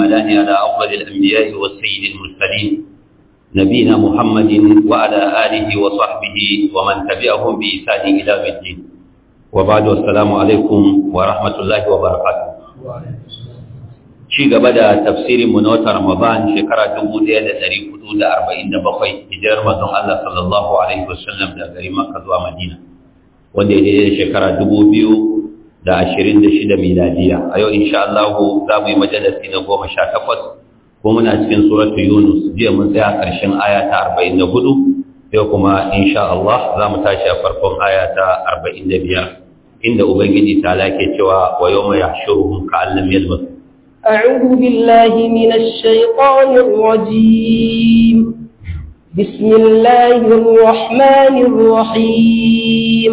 الأكملان على أفضل الأنبياء والسيد المرسلين نبينا محمد وعلى آله وصحبه ومن تبعهم بإحسان إلى الدين وبعد والسلام عليكم ورحمة الله وبركاته ci gaba da tafsirin mu na watan Ramadan shekara 1447 hijirar manzon Allah sallallahu alaihi wasallam da garin maka zuwa Madina wanda ya daidai shekara biyu. da ashirin da shida miladiya a yau insha Allah za mu yi majalasi na goma sha takwas ko muna cikin suratu yunus jiya mun tsaya ƙarshen aya ta arba'in da hudu yau kuma insha Allah za mu tashi a farkon aya ta arba'in da biyar inda ubangiji ta lake cewa wa yau mai shuruhun ka allam yalmas أعوذ بالله من الشيطان الرجيم بسم الله الرحمن الرحيم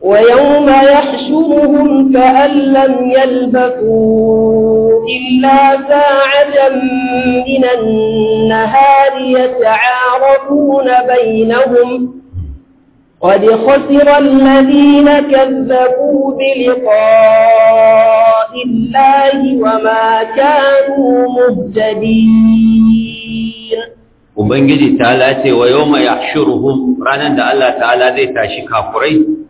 ويوم يحشرهم كأن لم يلبثوا إلا ساعة من النهار يتعارفون بينهم قد خسر الذين كذبوا بلقاء الله وما كانوا مهتدين وبنجي تعالى ويوم يحشرهم رانا الله تعالى زي تاشي كافرين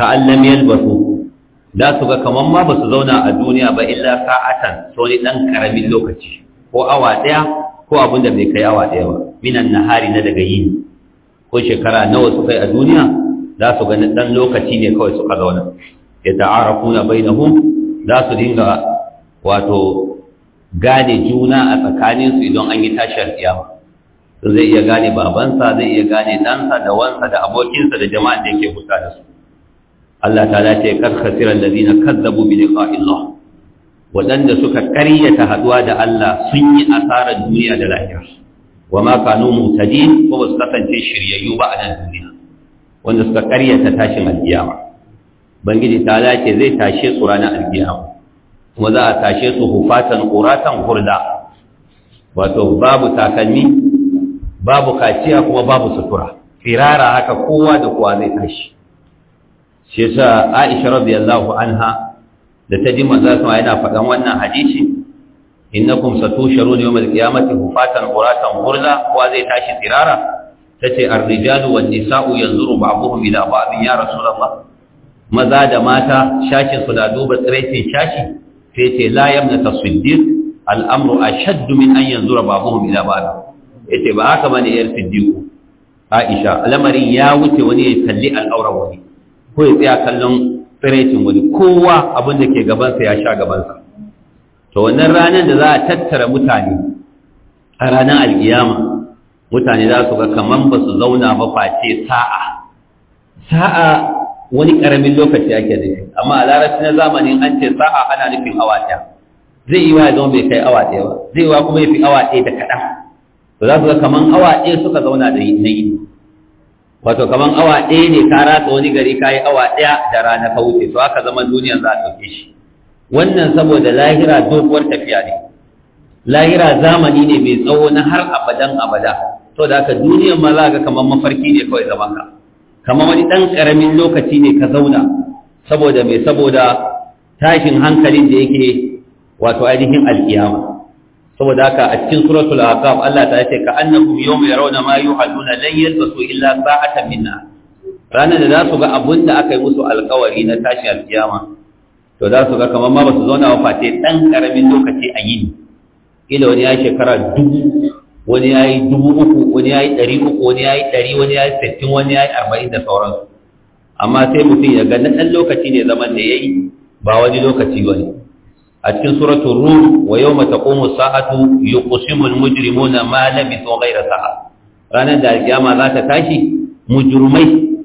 ka allam yalbasu da su ga kaman ma ba su zauna a duniya ba illa sa'atan so ni dan karamin lokaci ko awa ɗaya, ko abin da bai kai awa ɗaya ba minan na hari na daga yini ko shekara nawa su kai a duniya za su ga dan lokaci ne kawai suka zauna ya ta'arafuna bainahum za su dinga wato gane juna a tsakaninsu idan an yi tashar kiyama zai iya gane babansa zai iya gane ɗansa da wansa da abokinsa da jama'a da yake kusa da su Allah ta'ala ce kad da zina kazzabu bi liqa'i waɗanda suka karyata haduwa da Allah sun yi asarar duniya da lahira wa ma kanu mutadin ko ba su kasance shiryayyu ba a nan duniya wanda suka karyata tashin alkiyama bangiji ta ce zai tashe su ranar alkiyama kuma za a tashe su hufatan quratan hurda wato babu takalmi babu kaciya kuma babu sutura firara haka kowa da kowa zai tashi shi yasa Aisha radiyallahu anha da ta ji manzo sama yana faɗan wannan hadisi innakum satusharun yawmal qiyamati hufatan uratan hurza wa zai tashi tirara tace ar-rijalu wan nisa'u yanzuru ba'dhum ila ba'dhin ya rasulullah maza da mata shakin su da duba tsiraitin shashi sai ce la yamna tasiddiq al-amru ashaddu min an yanzura ba'dhum ila ba'd yace ba haka bane yar siddiqu Aisha lamarin ya wuce wani ya kalli al-awra wani ko ya tsaya kallon tsiraicin wani kowa abin da ke gabansa ya sha gabansa to wannan ranar da za a tattara mutane a ranar alkiyama mutane za su ga kaman ba su zauna ba face sa'a sa'a wani karamin lokaci ake nufi amma a larabci na zamanin an ce sa'a ana nufin awa ɗaya zai yi wa ya zama bai kai awa ɗaya ba zai yi wa kuma ya fi awa ɗaya da kaɗan to za su ga kaman awa ɗaya suka zauna da yi wato kaman awa ɗaya ne ka ratsa wani gari ka yi awa ɗaya da rana ka wuce to haka zaman duniyan za a ɗauke shi wannan saboda lahira doguwar tafiya ne lahira zamani ne mai tsawo na har abadan abada to da haka duniyan ma za ka kaman mafarki ne kawai zaman ka kamar wani ɗan ƙaramin lokaci ne ka zauna saboda mai saboda tashin hankalin da yake wato ainihin alkiyama saboda haka a cikin suratul aqab Allah ta ce ka annahum yawma yarawna ma yuhaduna lan yalbasu illa sa'atan minna ranar da za su ga abun da aka yi musu alkawari na tashi alkiyama to za su ga kamar ma basu zauna wa face dan karamin lokaci a yini kila wani ya shekara dubu wani ya yi dubu uku wani ya yi ɗari uku wani ya yi ɗari wani ya yi sittin wani ya yi arba'in da sauransu amma sai mutum ya ga na ɗan lokaci ne zaman da ya yi ba wani lokaci ba ne a cikin suratul rum wa yawma taqumu sa'atu yuqsimu al-mujrimuna ma labithu ghayra sa'a ranar da kiyama za ta tashi mujrimai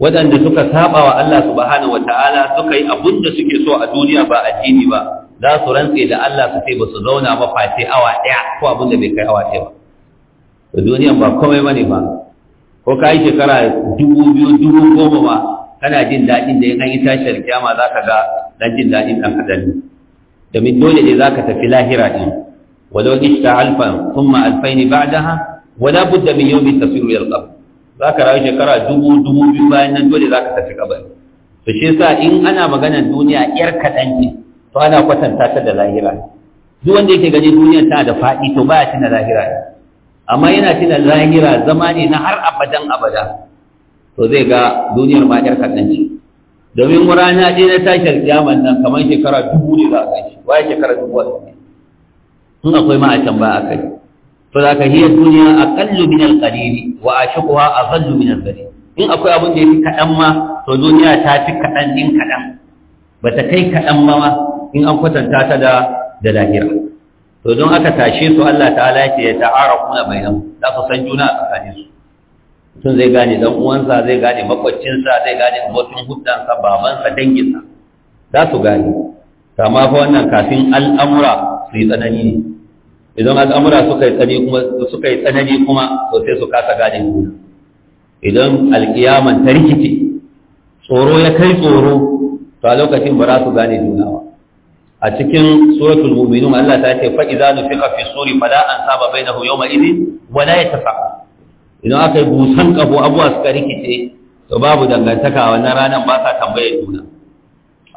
waɗanda suka saba wa Allah subhanahu wataala suka yi abun da suke so a duniya ba addini ba za su rantse da Allah su ce ba su zauna ba face awa ɗaya ko abun da bai kai awa ɗaya ba to duniyan ba komai bane ba ko kai yi shekara dubu biyu dubu goma ba kana jin daɗin da in an yi tashar kyama za ka ga dan jin daɗin ɗan domin dole ne ka tafi lahira din walau ishta alfan thumma ba'a ba'daha wala budda min yawmin tasiru ila al Za ka rayu shekara dubu dubu biyu bayan nan dole ka tafi kabari to shi yasa in ana maganar duniya yar kaɗan ne to ana kwatanta ta da lahira duk wanda yake gani duniyar tana da faɗi to baya tuna lahira amma yana tuna lahira zama ne na har abadan abada to zai ga duniyar ma yar kaɗan ce domin rana ɗaya na tashar kiyaman nan kamar shekara dubu ne za a kai waye shekara dubu a ne? in akwai ma a can ba a kai to za ka hiyar duniya a kallu min alƙalili wa a shakuwa a zallu min alƙalili in akwai abin da ya fi kaɗan ma to duniya ta fi kaɗan ɗin kaɗan ba ta kai kaɗan ma ma in an kwatanta ta da da lahira to don aka tashe su Allah ta'ala ya ce ya ta'ara kuna bayan za su san juna a tsakaninsu tun zai gane dan uwansa zai gane makwacinsa zai gane abokin hudansa babansa danginsa za su gane kama fa wannan kafin al'amura su yi tsanani ne idan al'amura suka yi tsanani kuma suka su kasa gane juna idan alkiyaman ta rikice tsoro ya kai tsoro to a lokacin ba za su gane juna ba a cikin suratul mu'minun Allah ta ce fa idza nufiqa fi suri fala ansaba bainahu yawma idhin wala yatafa'a idan aka yi busan kafo abuwa suka rikice to babu dangantaka na wannan ranar ba sa tambayar juna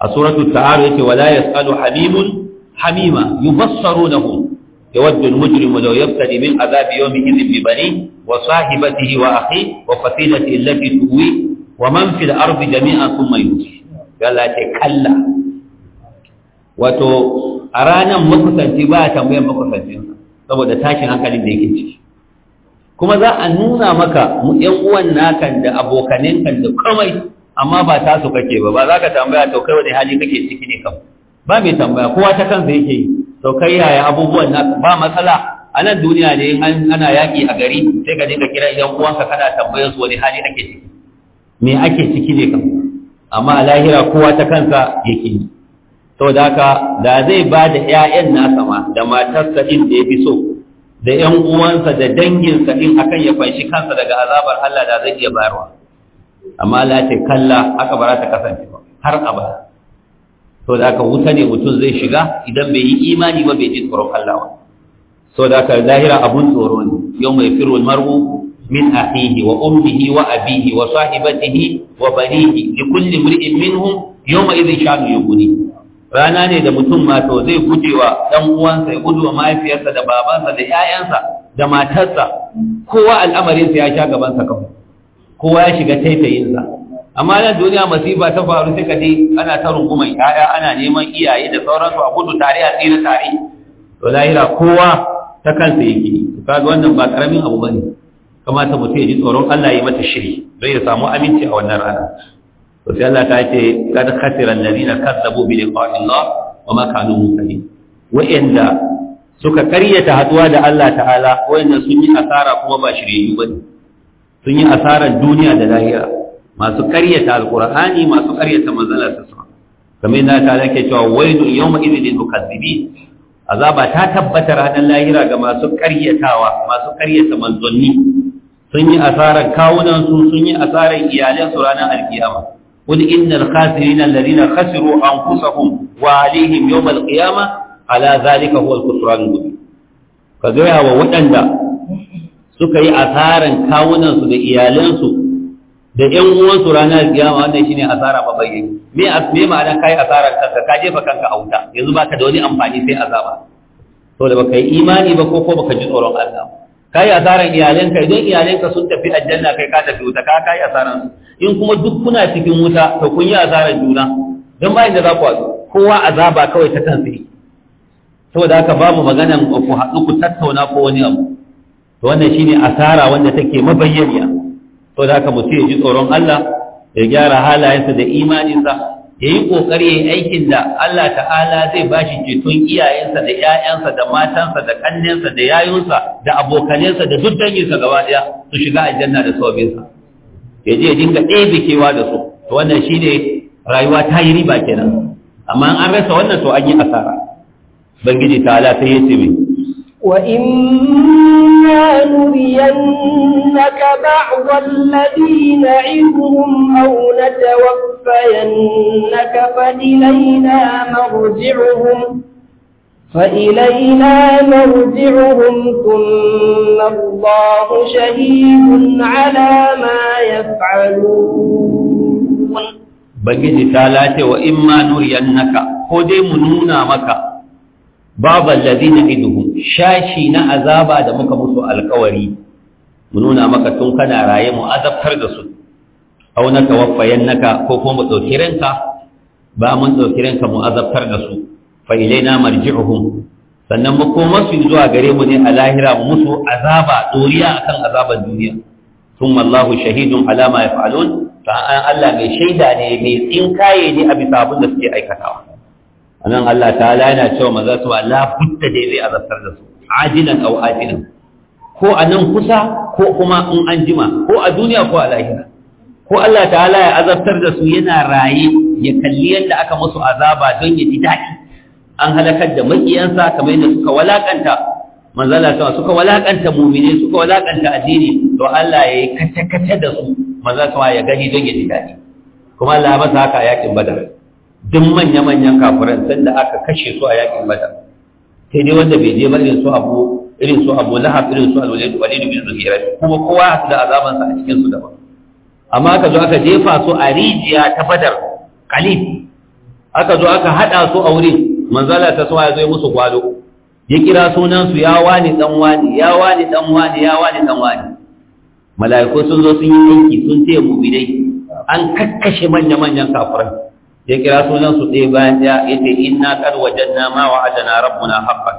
a suratu ta'aru yake wala yasalu hamimun hamima yubassarunahum يود المجرم لو wa من عذاب يومئذ ببنيه وصاحبته وأخيه وفصيلته التي تؤويه ومن في الأرض جميعا ثم يمشي قال kalla. wato a ranar makusanci ba a tambayar makusanci saboda tashin hankalin da yake ciki kuma za a nuna maka yan uwan nakan da abokanin kan da kamai amma ba ta su kake ba ba za ka tambaya to kai wani hali kake ciki ne kam ba mai tambaya kowa ta kansa yake yi to kai yaya abubuwan naka ba matsala a nan duniya ne ana yaƙi a gari sai ka je ka kira yan uwanka kana tambayar su wani hali ake ciki me ake ciki ne kam amma a lahira kowa ta kansa yake yi to da haka da zai ba da 'ya'yan nasa ma da matarsa inda ya fi so da ‘yan uwansa da danginsa ɗin akan ya fanshi kansa daga azabar Allah da zai iya bayarwa amma Allah kalla aka bara ta kasance ba har abada to da aka wuta ne mutum zai shiga idan bai yi imani ba bai ji tsoron Allah ba so da aka zahira abun tsoro ne yau mai firul mar'u min akhihi wa ummihi wa abihi wa sahibatihi wa banihi li kulli imri'in minhum yawma idhin sha'nu yughni rana ne da mutum ma to zai gujewa dan uwansa ya gujewa mahaifiyarsa da babansa da 'ya'yansa, da matarsa kowa al'amarinsa ya sha gabansa kawai kowa ya shiga taitayinsa amma nan duniya masifa ta faru sai kaje ana ta rungumar 'ya'ya, ana neman iyaye da sauransu a gudu tare a tsira tare to lahira kowa ta kansa yake kaga wannan ba karamin abu bane kamata mutum ya ji tsoron Allah ya mata shiri don ya samu aminci a wannan rana to sai Allah ta ce kad khasira alladhina kazzabu bi liqa'i Allah wa ma kanu muhtadin wa'inda suka karyata haduwa da Allah ta'ala wa'inda sun yi asara kuma ba shiryayyu ba ne. sun yi asarar duniya da lahira masu karyata alqur'ani masu karyata manzalar sa kamar yadda ta ke cewa waidun yawma idin lil mukazzibin azaba ta tabbata ranar lahira ga masu karyatawa masu karyata manzanni sun yi asarar kawunan su sun yi asarar iyalan ranar alkiyama قل إن الخاسرين الذين خسروا أنفسهم وعليهم يوم القيامة على ذلك هو الخسران المبين فجاء ووطن suka yi asaran kawunansu da iyalansu da ƴan uwansu ranar kiyama wannan shine asara ba bayyane me me ma'ana kai asaran kanka ka jefa kanka a wuta yanzu baka da wani amfani sai azaba to da baka yi imani ba ko ko baka ji tsoron Allah kai asaran iyalinka, idan iyalinka sun tafi aljanna kai ka tafi wuta ka kai asaran su in kuma duk kuna cikin wuta to kun yi asaran juna don ba inda za ku haɗu kowa azaba kawai ta kansa. sai saboda haka babu maganan ku haɗu ku tattauna ko wani abu to wannan shine asara wanda take mabayyaniya saboda haka mutum ya ji tsoron Allah ya gyara halayensa da imaninsa ya yi ƙoƙari ya yi aikin da Allah ta'ala zai ba shi ceton iyayensa da ‘ya'yansa da matansa da ƙannensa da yayunsa da abokanensa da duk danginsa gaba ɗaya su shiga aljanna da saurinsa ya je dinga ɗebe kewa da su to wannan shi ne rayuwa ta yi riba kenan amma an rasa wannan to an yi asara bangiji ta'ala sai ya ce mai وإما نرينك بعض الذي نعدهم أو نتوفينك فإلينا مرجعهم فإلينا مرجعهم ثم الله شهيد على ما يفعلون بجد تعالى وإما نرينك خذ منونا مكة babu allazi na shashi na azaba da muka musu alkawari mu nuna maka tun kana raye mu azabtar da su au na tawaffayan naka ko kuma mu ɗauki ranka ba mun ɗauki ranka mu azabtar da su fa ilaina marji'uhum sannan mu koma su zuwa gare mu ne a lahira mu musu azaba doriya akan azaban duniya Tun Wallahu shahidun alama ما يفعلون فان Allah mai shaida ne mai tsinkaye ne a bisa abin da suke aikatawa anan Allah ta'ala yana cewa maza su ba la budda dai zai azabtar da su ajilan aw ajilan ko anan kusa ko kuma in an jima ko a duniya ko a lahira ko Allah ta'ala ya azabtar da su yana raye ya kalli yadda aka musu azaba don ya ji daɗi an halakar da makiyansa kamar yadda suka walakanta manzala sama suka walakanta mumine suka walakanta addini to Allah ya yi kace-kace da su manzala sama ya gani don ya ji daɗi kuma Allah ya masa haka yakin badar duk manya-manyan kafiran sanda aka kashe su a yakin bada sai dai wanda bai je ba irin su abu irin su abu lahab irin su alwalid walid bin zuhair kuma kowa da azaban sa a cikin su daban amma aka zo aka jefa su a rijiya ta badar qalib aka zo aka hada su a wurin manzala ta sawa ya zo musu gwalo ya kira sunan su ya wani dan wani ya wani dan wani ya wani dan wani mala'iku sun zo sun yi aiki sun taya mu'minai an kakkashe manya-manyan kafiran ya kira sunan su ɗaya bayan ɗaya yace inna qad wajadna ma wa'adana rabbuna haqqan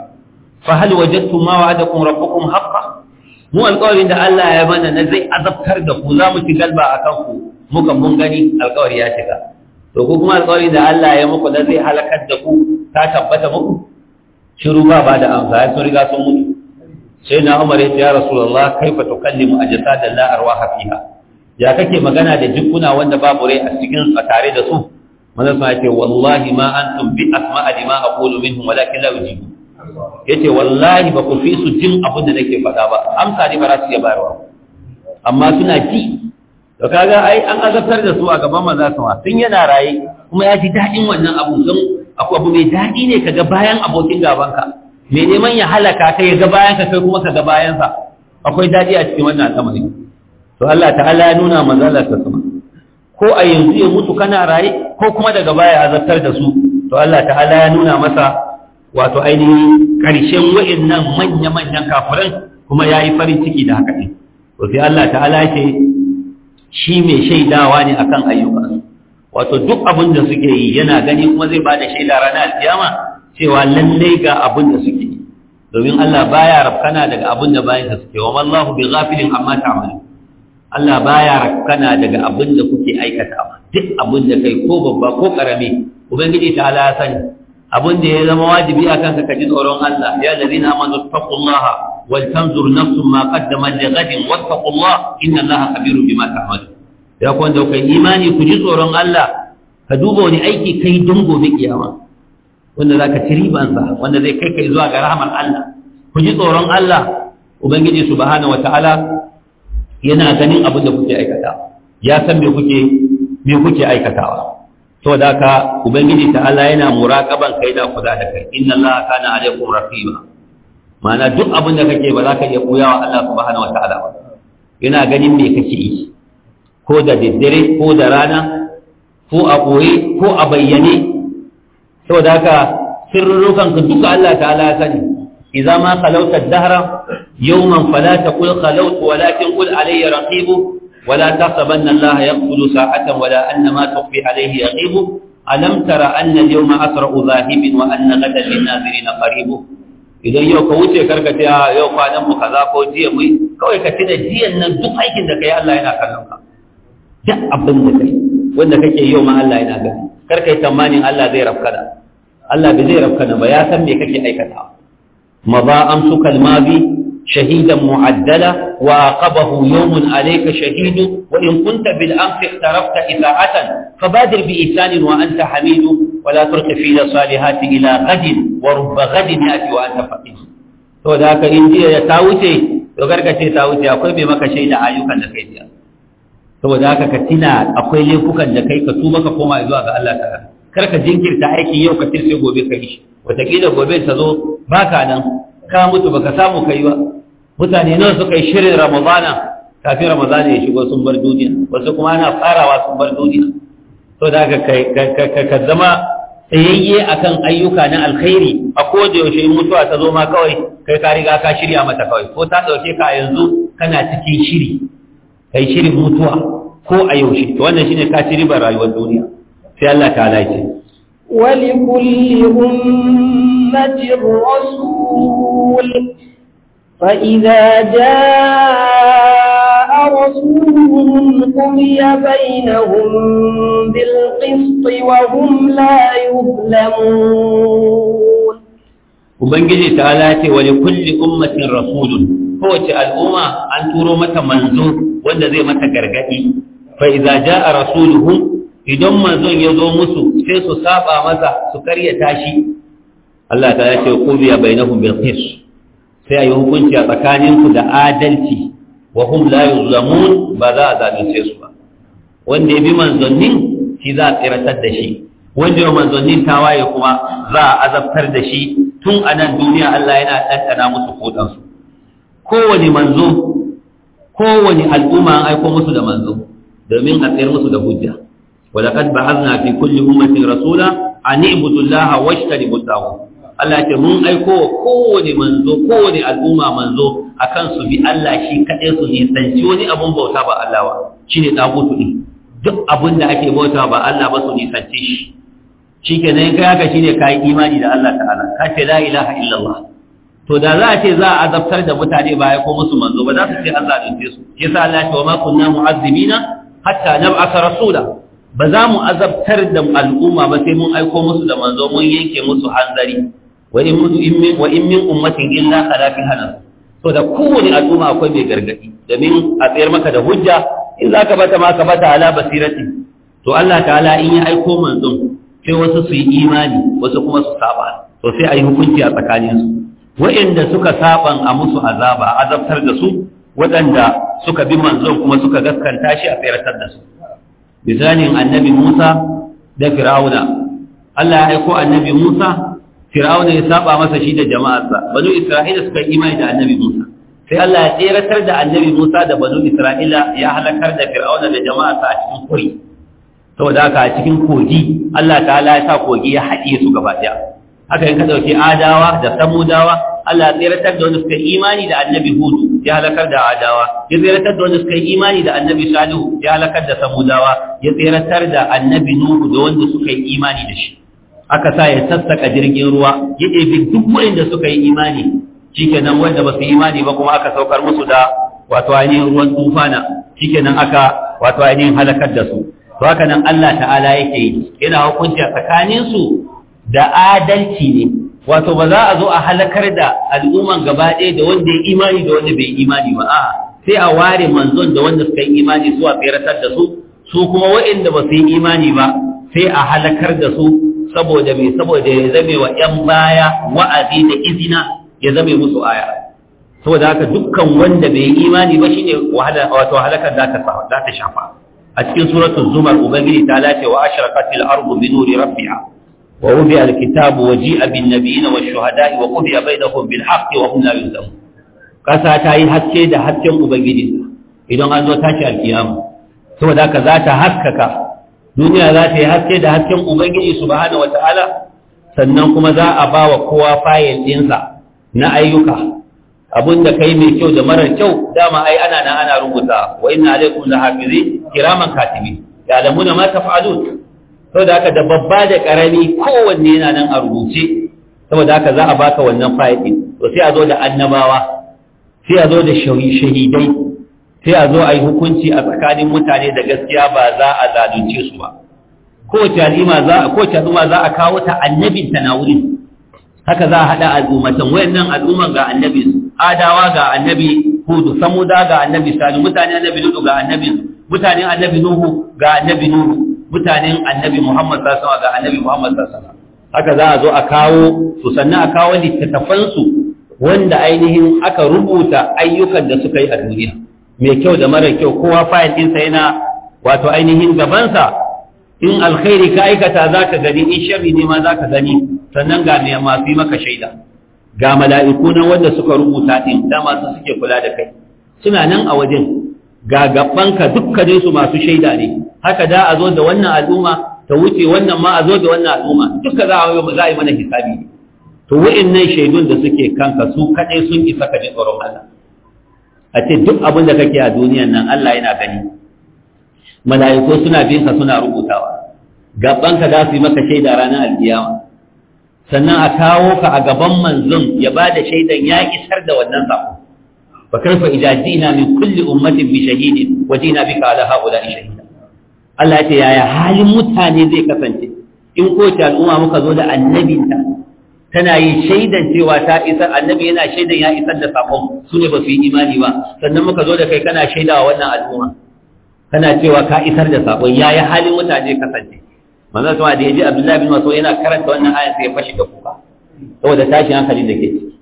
fa hal wajadtum ma wa'adakum rabbukum haqqan mu alƙawarin da Allah ya mana na zai azabtar da ku za mu ci galba akan ku muka mun gani alƙawari ya shiga to ku kuma alƙawarin da Allah ya muku na zai halakar da ku ta tabbata muku shiru ba ba da amsa sun riga sun mutu sai na Umar ya ce ya Rasulullah kaifa tukallimu ajsadan la arwaha fiha ya kake magana da jikuna wanda babu rai a cikin tare da su manzo sa ce wallahi ma antum bi asma'a lima aqulu minhum walakin la ujibu yace wallahi ba ku fi su jin abin da nake faɗa ba amsa ne ba za su iya bayarwa amma suna ji to kaga ai an azabtar da su a gaban maza sama tun yana raye kuma ya ji daɗin wannan abu don akwai abu mai daɗi ne kaga bayan abokin gabanka mai neman ya halaka kai ga bayan ka kai kuma ka ga bayansa akwai daɗi a cikin wannan al'amari to Allah ta'ala ya nuna manzo ta sama ko a yanzu ya mutu kana raye ko kuma daga baya azabtar da su to Allah ta'ala ya nuna masa wato ainihin ƙarshen wa'annan manya-manyan kafiran kuma ya yi farin ciki da haka ɗin wafi Allah ta'ala ce shi mai shaidawa ne akan ayyuka. wato duk abin da suke yi yana gani kuma zai ba da shaida ranar alkiyama cewa lallai ga abin da suke yi domin Allah baya rafkana daga abin da bayan suke wa wallahu bi ghafilin amma ta'malu Allah baya rakkana daga abin da kuke aikata duk abin da kai ko babba ko karami ubangiji ta ala sani abin da ya zama wajibi a ka ji tsoron Allah ya ladina amanu taqullaha wal tanzur nafsun ma qaddamat li ghadin wattaqullaha inna Allaha khabirun bima ta'malun ya kuwa kai imani ku ji tsoron Allah ka duba wani aiki kai don gobe kiyama wanda zaka ci ribansa wanda zai kai kai zuwa ga rahmar Allah ku ji tsoron Allah ubangiji subhanahu wataala yana ganin abin da kuke aikata ya san me kuke me kuke aikatawa saboda haka ubangiji ta'ala yana muraqaban kai da kuda da kai inna allaha kana alaikum raqiba ma'ana duk abin da kake ba za ka iya koyawa Allah subhanahu wata'ala ba yana ganin me kake yi ko da daddare ko da rana ko a ɓoye ko a bayyane saboda haka sirrukan ka duka Allah ta'ala ya sani إذا ما خلوت الدهر يوما فلا تقل خلوت ولكن قل علي رقيب ولا تحسبن الله يقبل ساعة ولا أن ما تخفي عليه يغيب ألم تر أن اليوم أسرع ذاهب وأن غدا للناظرين قريب idan yau ka wuce karkace a ah, yau kwanan mu kaza ko jiya mu kawai ka tuna jiyan nan duk aikin da kai Allah yana kallon ka duk abin da kai wanda yau ma Allah yana gani kar kai tamanin Allah zai Allah bai zai ba ya san me kake aikatawa مضى أمسك الماضي شهيدا معدلا وعاقبه يوم عليك شهيد وإن كنت بالأمس اخترفت إذاعة فبادر بإحسان وأنت حميد ولا ترك في صالحات إلى غد ورب غد يأتي وأنت فقير to da haka in jiya ya ta wuce to gargace ta wuce akwai mai maka shaida ayyukan da kai biya saboda haka ka tina akwai laifukan da kai ka tuba ka koma zuwa ga Allah ta'ala kar ka jinkirta aikin yau ka tirse gobe ka yi shi wataƙila gobe ta zo ba ka nan ka mutu baka samu kai ba mutane nan suka yi shirin ramadana kafin ramadana ya shigo sun bar duniya wasu kuma ana farawa sun bar duniya to da ka zama tsayayye akan ayyuka na alkhairi a koda yaushe in mutuwa ta zo ma kawai kai ka riga ka shirya mata kawai ko ta dauke ka yanzu kana cikin shiri kai shirin mutuwa ko a yaushe to wannan shine ka shiri ba rayuwar duniya sai Allah ta alaƙi wali kulli ummatin rasul fa idza jaa rasuluhum qumiya bainahum bil qist wa hum la yuzlamun ubangiji ta alaƙi wali kulli ummatin rasulun kowace al'umma an turo mata manzo wanda zai mata gargadi fa idza jaa rasuluhum idan manzon ya zo musu sai su saba masa su karyata shi Allah ta ya ce qubiya bainahum bil qis sai ayi hukunci a tsakaninku da adalci wa hum la yuzlamun ba za a zalunce su ba wanda ya bi Manzonin shi za a tsiratar da shi wanda ya ta waye kuma za a azabtar da shi tun a nan duniya Allah yana ɗanɗana musu kodansu kowane manzo kowane al'umma an aiko musu da manzo domin a tsayar musu da hujja ولقد بعثنا في كل أمة رسولا أن اعبدوا الله واجتنبوا الطاغوت Allah ce mun aiko kowane manzo kowane al'umma manzo akan su bi Allah shi kaɗai su nisanci wani abun bauta ba Allah ba shine tagutu ne duk abun da ake bauta ba Allah ba su nisanci shi shikenan kai haka shine kai imani da Allah ta'ala ka ce la ilaha illallah to da za a ce za a azabtar da mutane ba ya ko musu manzo ba za su ce Allah dinke su sa Allah ya ce wa ma kunna mu'azzibina hatta nab'atha rasula ba za mu azabtar da al'umma ba sai mun aiko musu da manzo mun yanke musu hanzari wa in min ummatin illa khala fiha nas to da kowane al'umma akwai mai gargadi domin a tsayar maka da hujja in zaka bata ma ka bata ala basirati to Allah ta'ala in ya aiko manzon sai wasu su yi imani wasu kuma su saba to sai ayi hukunci a tsakaninsu Waɗanda suka saban a musu azaba azabtar da su waɗanda suka bi manzon kuma suka gaskanta shi a tsayar da su misalin annabi Musa da Fir'auna Allah ya aiko annabi Musa Fir'auna ya saba masa shi da jama'arsa banu Isra'ila suka imani da annabi Musa sai Allah ya tseratar da annabi Musa da banu Isra'ila ya halakar da Fir'auna da jama'arsa a cikin kuri saboda haka a cikin kogi Allah ta'ala ya sa kogi ya haɗiye su gaba ɗaya haka in ka ɗauki adawa da samudawa Allah ya tseratar da wani suka imani da annabi Hudu ya halakar da adawa ya tseratar da wanda suka yi imani da annabi salihu ya halakar da samudawa ya tseratar da annabi nuhu da wanda suka yi imani da shi aka sa ya sassaka jirgin ruwa ya ɗebi duk wanda suka yi imani shikenan wanda ba su yi imani ba kuma aka saukar musu da wato ainihin ruwan tufana shikenan aka wato ainihin halakar da su to haka nan Allah ta'ala yake yi yana hukunci tsakaninsu da adalci ne wato ba za a zo a halakar da al'umman gaba ɗaya da wanda ya imani da wanda bai imani ba a sai a ware manzon da wanda suka yi imani zuwa firatar da su su kuma waɗanda ba su yi imani ba sai a halakar da su saboda mai saboda ya zame wa ‘yan baya wa'azi da izina ya zame musu aya saboda haka dukkan wanda bai yi imani ba shine wato halakar za ta shafa a cikin suratul zumar ubangiji ta lace wa ashraqatil ardu bi nuri rabbiha ووضع الكتاب وجيء بالنبيين والشهداء وقضي بينهم بالحق وهم لا يظلمون kasa ta yi haske da hasken ubangiji idan an zo tashi alkiyama saboda haka za ta haskaka duniya za ta yi haske da hasken ubangiji subhanahu wataala sannan kuma za a ba wa kowa fayil ɗinsa na ayyuka abin da kai mai kyau da marar kyau dama ai ana na ana rubuta wa inna alaikum lahafizin kiraman katibi ya lamuna ma taf'alun saboda haka da babba da karami kowanne yana nan a rubuce saboda haka za a baka wannan fayil to sai a zo da annabawa sai a zo da shahidai sai a zo a yi hukunci a tsakanin mutane da gaskiya ba za a zalunce su ba kowace al'umma za a kowace al'umma za a kawo ta annabin ta na wurin haka za a hada al'ummatan wayannan al'umman ga annabi adawa ga annabi hudu samuda ga annabi sani mutane annabi lutu ga annabi mutane annabi nuhu ga annabi nuhu mutanen annabi Muhammad sallallahu alaihi ga annabi Muhammad sallallahu alaihi haka za a zo a kawo su sannan a kawo littattafan su wanda ainihin aka rubuta ayyukan da suka yi a duniya mai kyau da mara kyau kowa fayil ɗinsa yana wato ainihin gabansa in alkhairi ka aikata za ka gani in sharri ne ma za ka gani sannan ga mai masu yi maka shaida ga mala'iku nan wanda suka rubuta ɗin dama su suke kula da kai suna nan a wajen ga gabanka dukkanin su masu shaida ne haka da a zo da wannan al'umma ta wuce wannan ma a zo da wannan al'umma duka za a yi mana hisabi ne to nan shaidun da suke kanka su kaɗai sun isa ka ji tsoron Allah a ce duk abin da kake a duniyan nan Allah yana gani mala'iku suna bin ka suna rubutawa gabanka za su yi maka shaida ranar alkiyama sannan a kawo ka a gaban manzon ya ba da shaidan ya isar da wannan sako وكيف إذا جئنا من كل أمة بشهيد وجئنا بك على هؤلاء شهيدا Allah ce yaya halin mutane zai kasance in kowace al'umma muka zo da annabinta tana yi shaidan cewa ta isar annabi yana shaidan ya isar da sakon su ne ba su yi imani ba sannan muka zo da kai kana shaidawa wannan al'umma kana cewa ka isar da sakon yaya halin mutane kasance manzon sama da yaji Abdullahi bin Mas'ud yana karanta wannan aya sai ya fashi da kuka saboda tashin hankali da ke ciki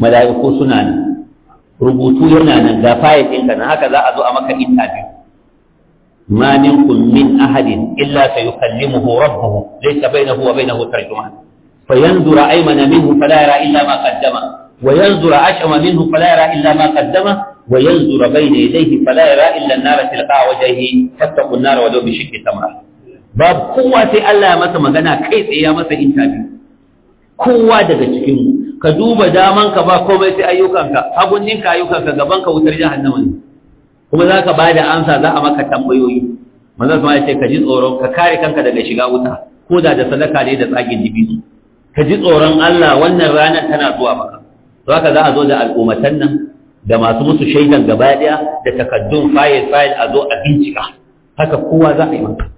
mala'iku suna nan rubutu yana nan ga fayil ɗinka nan haka za a zo a maka interview ma minkum min ahadin illa sayukallimuhu rabbuhu laysa bainahu wa bainahu tarjuman fa yanzura aymana minhu fala yara illa ma qaddama wa yanzura ashama minhu fala yara illa ma qaddama wa yanzura bayna yadayhi fala yara illa an-nara tilqa wajhihi fattaqu an-nara wa law bi shiqqi tamar kowa sai Allah ya masa magana kai tsaye ya masa interview kowa daga cikin mu ka duba daman ka ba komai sai ayyukanka hagun ɗinka ayyukanka gaban ka wutar jahannama ne kuma za ka bada amsa za a maka tambayoyi manzo kuma ya ce ka ji tsoron ka kare kanka daga shiga wuta ko da da sadaka ne da tsagin dibino ka ji tsoron Allah wannan ranar tana zuwa maka to haka za a zo da al'ummatan nan da masu musu shaidan gaba daya da takaddun fayil fayil a zo a bincika haka kowa za a yi maka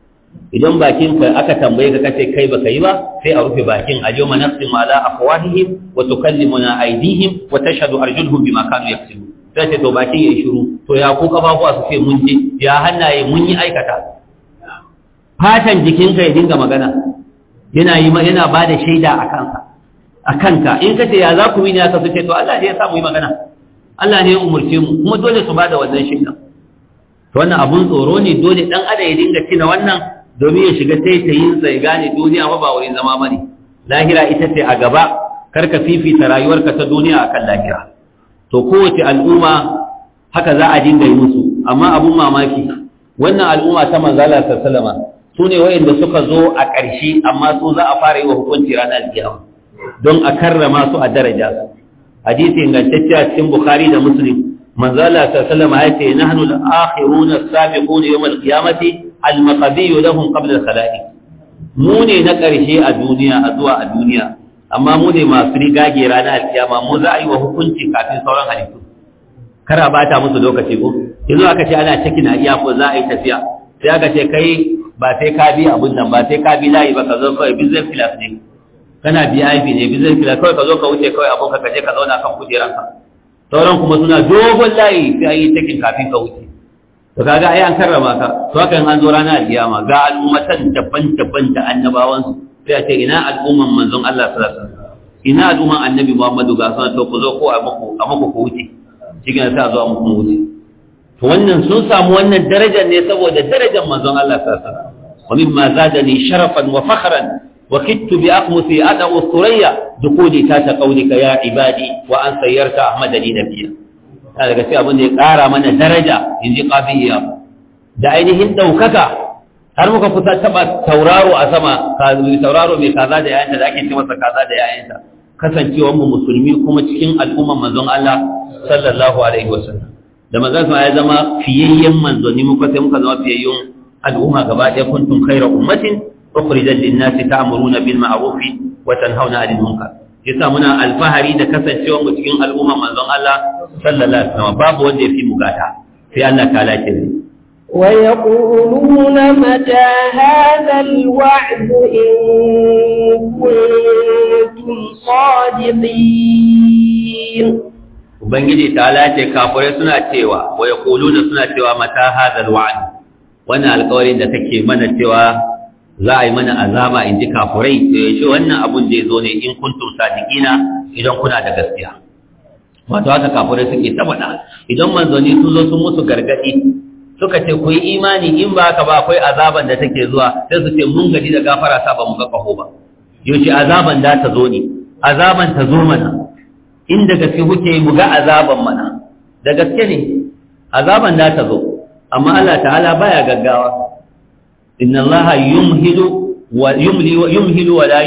idan bakin ka aka tambaye ka kace kai baka yi ba sai a rufe bakin a yawma naqsimu a afwahihim wa tukallimuna aydihim wa tashhadu arjuluhum bima kanu yaksibun sai ce to bakin ya shiru to ya ku kafafuwa su ce mun ji ya hannaye mun yi aikata fatan jikinka ya dinga magana yana yi yana ba da shaida a kanka a kanka in kace ya za ku yi ne aka su ce to Allah ne ya samu yi magana Allah ne ya umurce mu kuma dole su ba da wannan shaida to wannan abun tsoro ne dole dan adam ya dinga tina wannan domin ya shiga taitayinsa ya gane duniya ma ba wurin zama bane lahira ita ce a gaba kar ka fifita rayuwarka ta duniya kan lahira to kowace al'umma haka za a dinga yi musu amma abun mamaki wannan al'umma ta manzala sallama su ne wayanda suka zo a ƙarshe amma su za a fara yi wa hukunci ranar alkiyama don a karrama su a daraja su hadisi ingantacce a cikin bukhari da muslim manzala sallama ya ce nahnu al-akhiruna as-sabiquna yawm al-qiyamati al-maqdiyyu lahum qabla al mu ne na ƙarshe a duniya a zuwa a duniya amma mu ne masu rigage ranar alkiyama mu za a yi wa hukunci kafin sauran halittu kara ba ta musu lokaci ko yanzu aka ce ana cikin a iya ko za a yi tafiya sai aka ce kai ba sai ka bi abun nan ba sai ka bi layi ba ka zo kawai business class ne kana VIP ne business class kawai ka zo ka wuce kawai abun ka je ka zauna kan kujeranka sauran kuma suna dogon layi sai an yi cikin kafin ka wuce to kaga ai an karrama ka to haka an zo ranar alkiyama ga al'ummatan daban-daban da annabawansu sai a ce ina al'umman manzon Allah sallallahu alaihi wasallam ina al'umman annabi Muhammadu ga sanan to ku zo ko a muku a muku ku wuce cikin sa zuwa muku wuce to wannan sun samu wannan darajar ne saboda darajar manzon Allah sallallahu alaihi wasallam wa mimma zadani sharafan wa fakhran وكدت بأقمصي أدعو الثريا دخولي تات قولك يا عبادي وأن سيرت أحمد لي نبيا A daga cikin abin da ya ƙara mana daraja in ji ƙafin iya da ainihin ɗaukaka har muka kusa taɓa tauraro a sama tauraro mai kaza da yayanta da ake ce masa kaza da yayanta kasancewar mu musulmi kuma cikin al'ummar manzon Allah sallallahu alaihi sallam. da manzon sa ya zama fiyayyen manzoni muka sai muka zama fiyayyun al'umma gaba ɗaya kuntum khayra ummatin ukhrijat lin-nasi ta'muruna bil ma'ruf wa tanhauna 'anil munkar yasa muna alfahari da kasancewa mu cikin al'umma manzon Allah sallallahu alaihi wasallam babu wanda yafi mu gata sai Allah ta lafiya ne wa yaquluna mata hadha alwa'd in kuntum sadiqin ubangiji ta lafiya kafirai suna cewa wa yaquluna suna cewa mata hadha alwa'd wannan alƙawarin da kake mana cewa za a yi mana azaba in ji kafurai to ya ce wannan abun zai zo ne in kuntum sadiqina idan kuna da gaskiya wato haka kafurai suke ta faɗa idan manzanni sun zo sun musu gargaɗi suka ce ku yi imani in ba ka ba akwai azaban da take zuwa sai su ce mun gaji da gafara sa ba mu ga kaho ba yaushe azaban da ta zo ne azaban ta zo mana in da gaske kuke mu ga azaban mana da gaske ne azaban da ta zo amma Allah ta'ala baya gaggawa inna allaha yumhilu wa yumli wa yumhilu wa la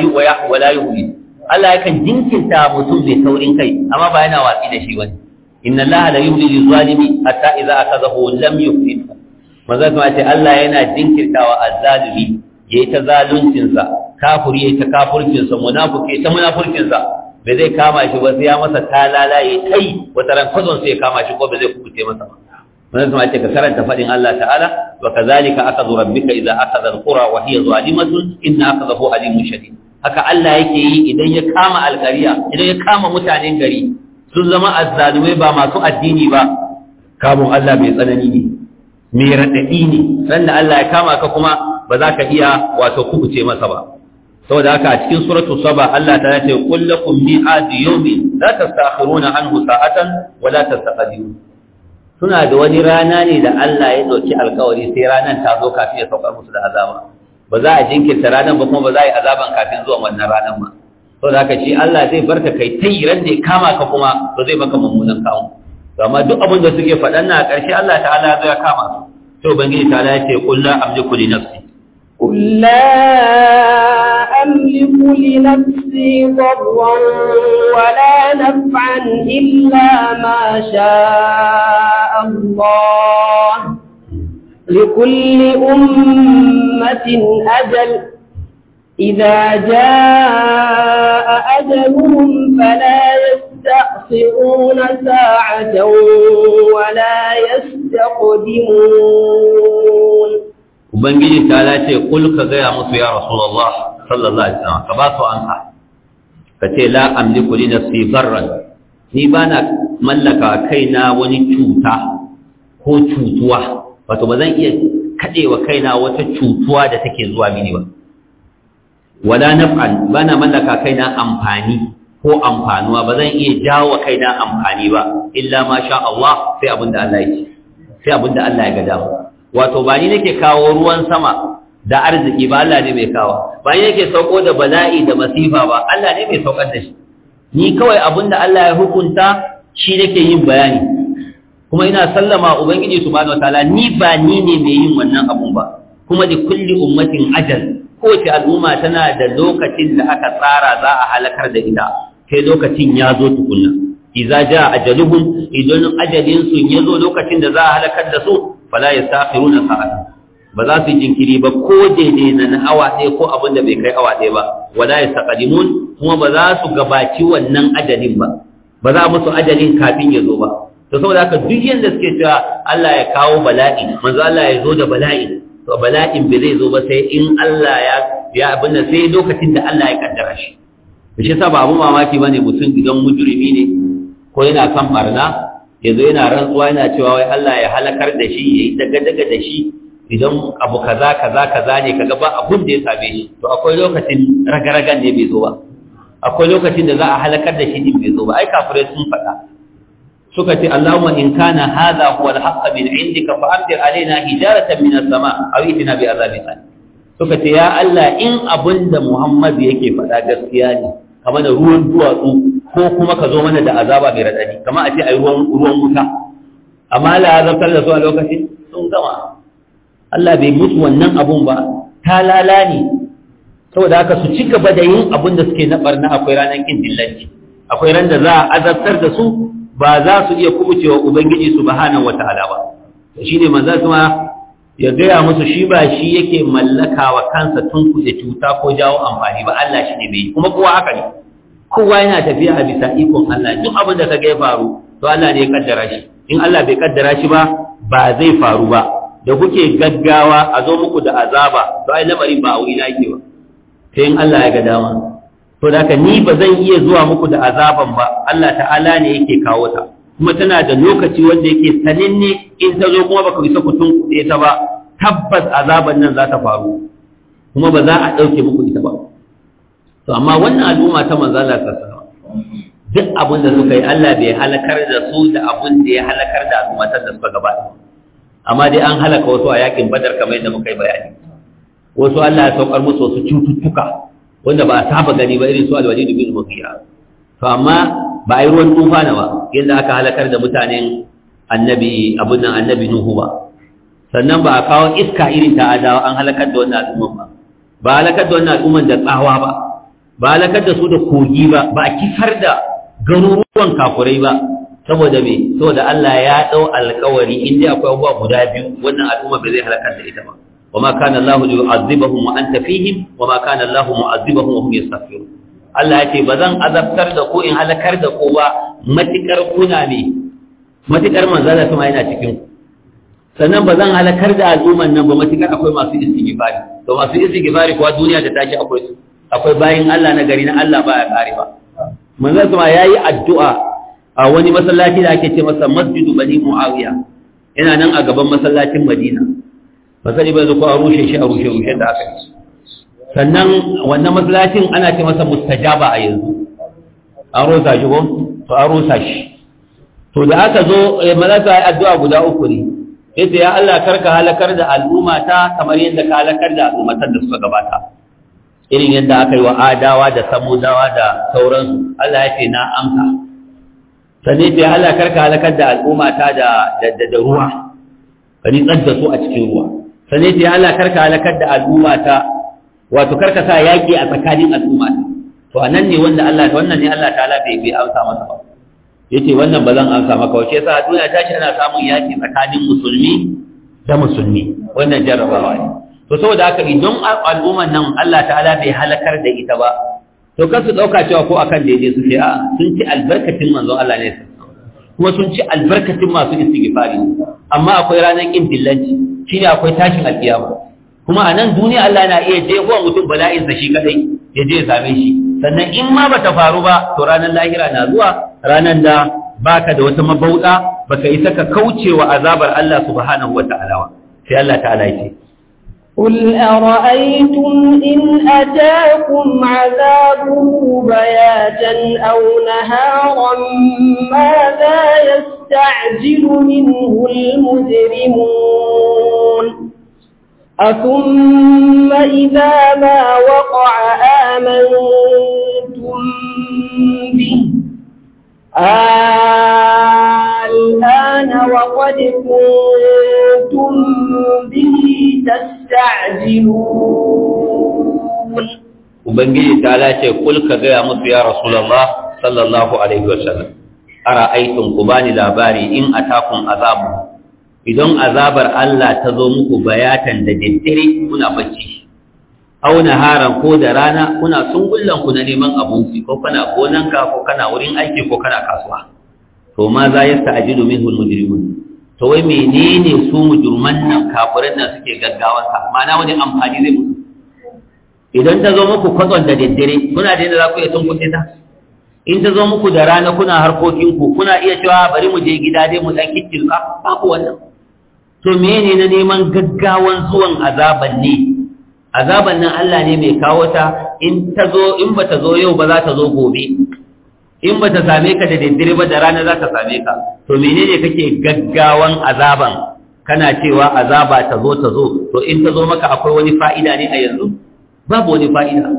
wa la yuhli Allah yakan jinkinta mutum mai saurin kai amma ba yana watsi da shi wani inna allaha la yumli lil zalimi hatta idza akhadahu lam yuflithu manzo kuma ce Allah yana jinkirtawa azzalimi yayi ta zaluncinsa kafiri yayi ta kafircinsa munafiki ta munafircinsa ba zai kama shi ba sai ya masa talala yayi kai wata ran kwazon sai ya kama shi ko bai zai kubuce masa ba wannan kuma ce ka karanta faɗin Allah ta'ala wa kazalika akadu rabbika idza akadha alqura wa hiya zalimatun inna akadahu alimun shadid haka Allah yake yi idan ya kama alkariya idan ya kama mutanen gari sun zama azalumai ba masu addini ba kamun Allah mai tsanani ne mai raɗaɗi ne sannan Allah ya kama ka kuma ba za ka iya wato kubuce masa ba saboda haka a cikin suratu saba Allah ta ce kullakum mi'ad yawmin la tastakhiruna anhu sa'atan wa la tastaqdimun suna da wani rana ne da Allah ya dauki alkawari sai ranan ta zo kafin ya saukar musu da azaba ba za a jinkirta ranan ba kuma ba za a yi azaban kafin zuwa wannan ranan ba to da haka Allah zai barka kai ta yiran ne kama ka kuma ba zai maka mummunan kawo amma duk abin da suke faɗan na ƙarshe Allah ta'ala ya zo ya kama su to ubangiji ta'ala ya ce qul la amliku nafsi qul أملك لنفسي ضرا ولا نفعا إلا ما شاء الله لكل أمة أجل إذا جاء أجلهم فلا يستأخرون ساعة ولا يستقدمون وبنجي تعالى قل كذا يا رسول الله sallallahu alaihi wasallam ka ba su ansa ka ce la amliku li nafsi barran ni ba na mallaka kaina wani cuta ko cutuwa wato ba zan iya kadewa kaina wata cutuwa da take zuwa mini ba wala naf'al ba na mallaka kaina amfani ko amfanuwa ba zan iya jawo wa kaina amfani ba illa ma sha Allah sai abin da Allah ya ce sai abin da Allah ya ga dama wato ba ni nake kawo ruwan sama da arziki ba Allah ne mai kawo ba yake sauko da bala'i da masifa ba Allah ne mai saukar da shi ni kawai abin da Allah ya hukunta shi nake yin bayani kuma ina sallama ubangiji subhanahu wataala ni ba ni ne mai yin wannan abun ba kuma da kulli ummatin ajal kowace al'umma tana da lokacin da aka tsara za a halakar da ita sai lokacin ya zo tukunna idza ja ajaluhum idan ajalin su ya zo lokacin da za a halakar da su fala yastakhiruna sa'atan ba za su yi jinkiri ba ko daidai na na awa ɗaya ko abin da bai kai awa ɗaya ba wala ya saqalimun kuma ba za su gabaci wannan ajalin ba ba za musu ajalin kafin ya zo ba to saboda haka duk yanda suke cewa Allah ya kawo bala'i manzo Allah ya zo da bala'i to bala'in bai zai zo ba sai in Allah ya ya abin sai lokacin da Allah ya kaddara shi shi yasa ba abu mamaki bane mutum idan mujrimi ne ko yana kan barna yanzu yana rantsuwa yana cewa wai Allah ya halakar da shi ya yi daga daga da shi idan abu kaza kaza kaza ne kaga ba abun da ya same shi to akwai lokacin ragaragan ne bai zo ba akwai lokacin da za a halakar da shi din bai zo ba ai kafirai sun faɗa suka ce Allahumma in kana hadha huwa al-haqq min indika fa amtir alaina hijaratan min as-sama' aw itina bi azabin suka ce ya Allah in abun da Muhammad yake faɗa gaskiya ne kamar da ruwan duwatsu ko kuma ka zo mana da azaba mai raɗaɗi kama a ce a yi ruwan wuta amma la azabtar da su a lokacin sun gama Allah bai mutu wannan abun ba ta ne saboda haka su ci gaba da yin abun da suke na barna akwai ranar kindillanci akwai ran da za a azabtar da su ba za su iya kubucewa ubangiji subhanahu wataala ba to shine manzo kuma ya gaya musu shi ba shi yake mallaka wa kansa tun kuje cuta ko jawo amfani ba Allah shi ne bai kuma kowa haka ne kowa yana tafiya a bisa ikon Allah duk abin da kaga ya faru to Allah ne ya kaddara shi in Allah bai kaddara shi ba ba zai faru ba da kuke gaggawa a zo muku da azaba to ai lamarin ba a wuri na yake ba sai in Allah ya ga dama to da ka ni ba zan iya zuwa muku da azaban ba Allah ta'ala ne yake kawo ta kuma tana da lokaci wanda yake sananne in ta zo kuma baka isa ku tunkuɗe ta ba tabbas azaban nan za ta faru kuma ba za a ɗauke muku ita ba to amma wannan al'umma ta manzo Allah sallallahu duk abin da suka yi Allah bai halakar da su da abin da ya halakar da al'ummatar da suka gabata amma dai an halaka wasu a yakin badar kamar yadda muka yi bayani wasu Allah ya saukar musu wasu cututtuka wanda ba a saba gani ba irin su da bin mughira to amma ba ai ruwan tufa na ba yadda aka halakar da mutanen annabi abun nan annabi nuhu ba sannan ba a kawo iska irin ta adawa an halakar da wannan al'umman ba ba halakar da wannan al'umman da tsawa ba ba halakar da su da kogi ba ba a kifar da garuruwan kafurai ba saboda me saboda Allah ya dau alkawari, in dai akwai abubuwa guda biyu wannan al'umma ba zai halakar da ita ba wa ma kana Allah yu'azzibahum wa anta fihim wa ma kana Allah mu'azzibahum wa hum yastaghfirun Allah ya ce ba zan azabtar da ko in halakar da ko ba matikar kuna ne matikar manzala kuma yana cikin ku sannan ba zan halakar da al'umman nan ba matikar akwai masu istighfari to masu istighfari kuwa duniya da tashi akwai su akwai bayin Allah na gari na Allah ba ya kare ba manzala kuma yayi addu'a a wani masallaci da ake ce masa masjidu bani muawiya yana nan a gaban masallacin madina Masallaci bai zuwa a rushe shi a rushe rushe da aka yi sannan wannan masallacin ana ce masa mustajaba a yanzu an rusa shi ko to an rusa shi to da aka zo eh, malaka ya addu'a guda uku ne yace ya Allah karka halakar da al'umma ta kamar yadda ka halakar da ta da suka gabata irin yadda aka yi wa adawa da samudawa da sauransu Allah ya ce na amsa sannan ya Allah karka halakar da al'umma da ruwa ka nitsar da su a cikin ruwa sannan ya Allah karka halakar da al'umma ta wato karka sa yaƙi a tsakanin al'umma ta to nan ne wanda Allah wannan ne Allah ta'ala bai bai amsa masa ba yace wannan ba zan amsa maka wace sa duniya tashi ana samun yaƙi tsakanin musulmi da musulmi wannan jarrabawa ne to saboda haka idan al'ummar nan Allah ta'ala bai halakar da ita ba to kar su ɗauka cewa ko akan daidai suke a sun ci albarkacin manzon Allah ne kuma sun ci albarkacin masu istighfari amma akwai ranar kin dillanci shine akwai tashin alkiyama kuma a nan duniya Allah na iya je ko mutum bala'in sa shi kadai ya je same shi sannan in ma bata faru ba to ranar lahira na zuwa ranar da baka da wata mabauda baka isa ka kaucewa azabar Allah subhanahu wa ta'ala sai Allah ta'ala yake قل أرأيتم إن أتاكم عذابه بياتا أو نهارا ماذا يستعجل منه المجرمون أثم إذا ما وقع آمنتم به الآن وقد كنتم به تستعجلون Ubangiji ta lace kul gaya musu ya Rasulullah sallallahu Alaihi wasallam, ara aikin ku bani labari in a takun azabu, idan azabar Allah ta zo muku bayatan da daddare muna bacci au naharan ko da rana kuna sungullan ku na neman abinci ko kana gonanka ko kana wurin aiki ko kana kasuwa to ma za yasta'jilu minhu al-mujrimun to wai menene su mujurman nan kafirin nan suke gaggawan sa ma'ana wani amfani zai musu idan ta zo muku kwatsan da daddare kuna da yadda za ku iya tunkuɗe ta in ta zo muku da rana kuna harkokin ku kuna iya cewa bari mu je gida dai mu dan kitkin ba babu wannan to menene na neman gaggawan zuwan azaban ne azaban nan Allah ne mai kawo ta in ta zo in bata zo yau ba za ta zo gobe in bata same ka da daddare ba da rana za ta same ka to menene kake gaggawan azaban kana cewa azaba ta zo ta zo to in ta zo maka akwai wani fa'ida ne a yanzu babu wani fa'ida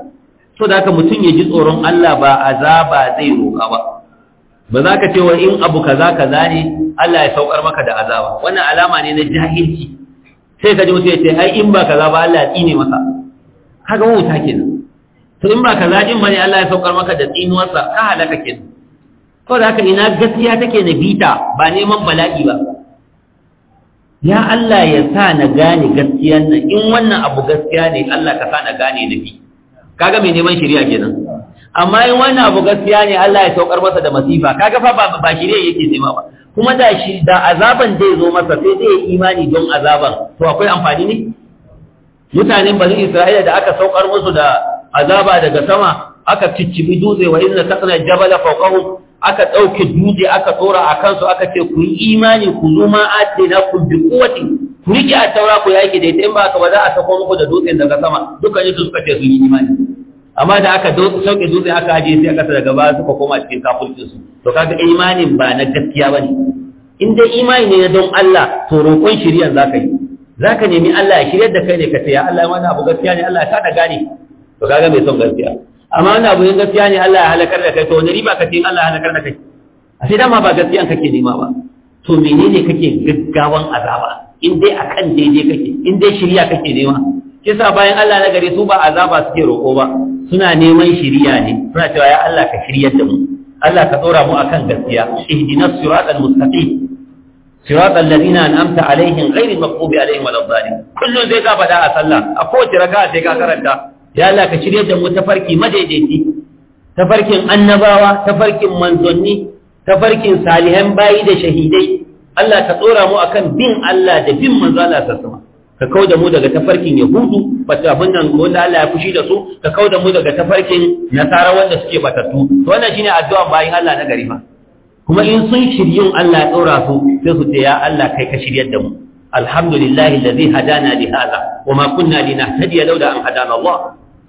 so da haka mutum ya ji tsoron Allah ba azaba zai roƙa ba ba za ka wa in abu kaza kaza ne Allah ya saukar maka da azaba wannan alama ne na jahilci sai ka ji wuce ya ce ai in ba kaza ba Allah ya tsine masa kaga wuta kenan to in ba kaza in bane Allah ya saukar maka da tsinuwarsa ka halaka kenan ko da haka ina gaskiya take na bita ba neman bala'i ba ya Allah ya sa na gane gaskiyan nan in wannan abu gaskiya ne Allah ka sa na gane na bi kaga mai neman shari'a kenan amma in wannan abu gaskiya ne Allah ya saukar masa da masifa kaga fa ba shari'a yake nema ba kuma da shi da azaban zai zo masa sai zai yi imani don azaban to akwai amfani ne mutanen bani isra'ila da aka saukar musu da azaba daga sama aka ciccibi dutse wa inna taqna jabala fawqahu aka dauke dutse aka tsora a kansu aka ce ku yi imani ku zo ma atina ku bi kuwati ku rike a taura ku yaki da ita in ba ka ba za a sako muku da dutsen daga sama dukkan su suka ce sun yi imani amma da aka sauke dutse aka aje sai aka daga baya suka koma cikin kafircin su to kaga imanin ba na gaskiya bane in dai imani ne don Allah to roƙon shiriyan zaka yi zaka nemi Allah ya shiryar da kai ne ka ce ya Allah wannan abu gaskiya ne Allah ya kada gane to kaga mai son gaskiya amma wannan abu yin gaskiya ne Allah ya halakar da kai to wani riba kace Allah ya halakar da kai a sai dama ba gaskiya kake nema ba to menene kake gaggawan azaba in dai akan daidai kake in dai shirya kake nema kisa bayan Allah na gare su ba azaba suke roƙo ba suna neman shiriya ne suna cewa ya Allah ka shiryar da mu Allah ka tsora mu akan gaskiya ihdinas siratal mustaqim siratal ladina an'amta alaihim ghairil maghdubi alaihim waladdallin kullun zai ka fada a sallah a kowace raka'a sai ka karanta ya Allah ka shirye da mu ta tafarki madaidaiti farkin annabawa ta tafarkin manzanni farkin salihan bayi da shahidai Allah ka tsora mu akan bin Allah da bin manzo Allah sassama ka kau da mu daga tafarkin yahudu bata abin nan wanda Allah ya fushi da su ka kau da mu daga tafarkin nasara wanda suke batattu to wannan shine addu'a bayin Allah na gari fa kuma in sun shiryun Allah ya daura su sai su ce ya Allah kai ka shiryar da mu alhamdulillah alladhi hadana li hadha wa ma kunna linahtadiya lawla an hadana Allah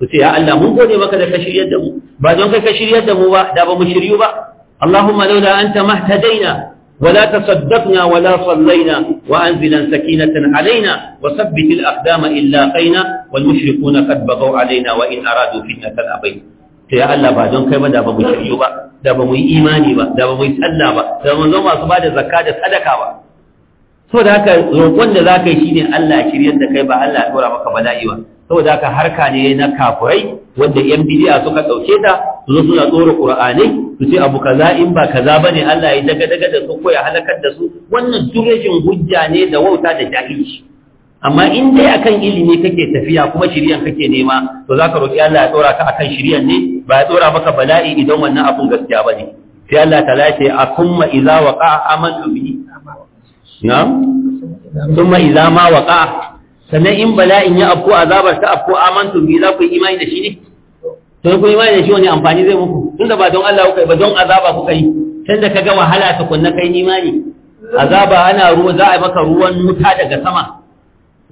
su ce ya Allah mun gode maka da ka shiryar da mu ba don kai ka shiryar da mu ba da ba mu shiryu ba اللهم لولا أنت ما اهتدينا ta na ولا تصدقنا ولا صلينا وأنزلا سكينة علينا وثبت الأقدام إلا خينا والمشركون قد بغوا علينا وإن أرادوا فتنة الأبين ya Allah ba don kai ba da ba mu shirye ba da ba mu yi imani ba da ba mu yi sallah ba da mu zo masu ba da zakka da sadaka ba saboda haka roƙon da ka yi shine Allah shiryar da kai ba Allah ya ɗora maka bala'i ba saboda haka harka ne na kafurai wanda yan bidiya suka ɗauke ta su zo suna tsoro ƙur'anai su ce abu kaza in ba kaza ba ne Allah ya daga daga da su ko ya halakar da su wannan durejin hujja ne da wauta da jahilci amma in dai akan ilimi kake tafiya kuma shiriyan kake nema to za ka roƙi Allah ya tsora ka akan shiriyan ne ba ya tsora maka bala'i idan wannan abun gaskiya ba ne sai Allah ta lace a kuma idza waqa'a amantu bihi na'am thumma idza ma waqa'a sannan in bala'in ya afko azabar ta afko amantum bi za ku yi imani da shi ne to ku imani da shi wani amfani zai muku da ba don Allah kuka yi ba don azaba kuka yi sai da ga wahala ta kunna kai imani azaba ana ruwa za a maka ruwan wuta daga sama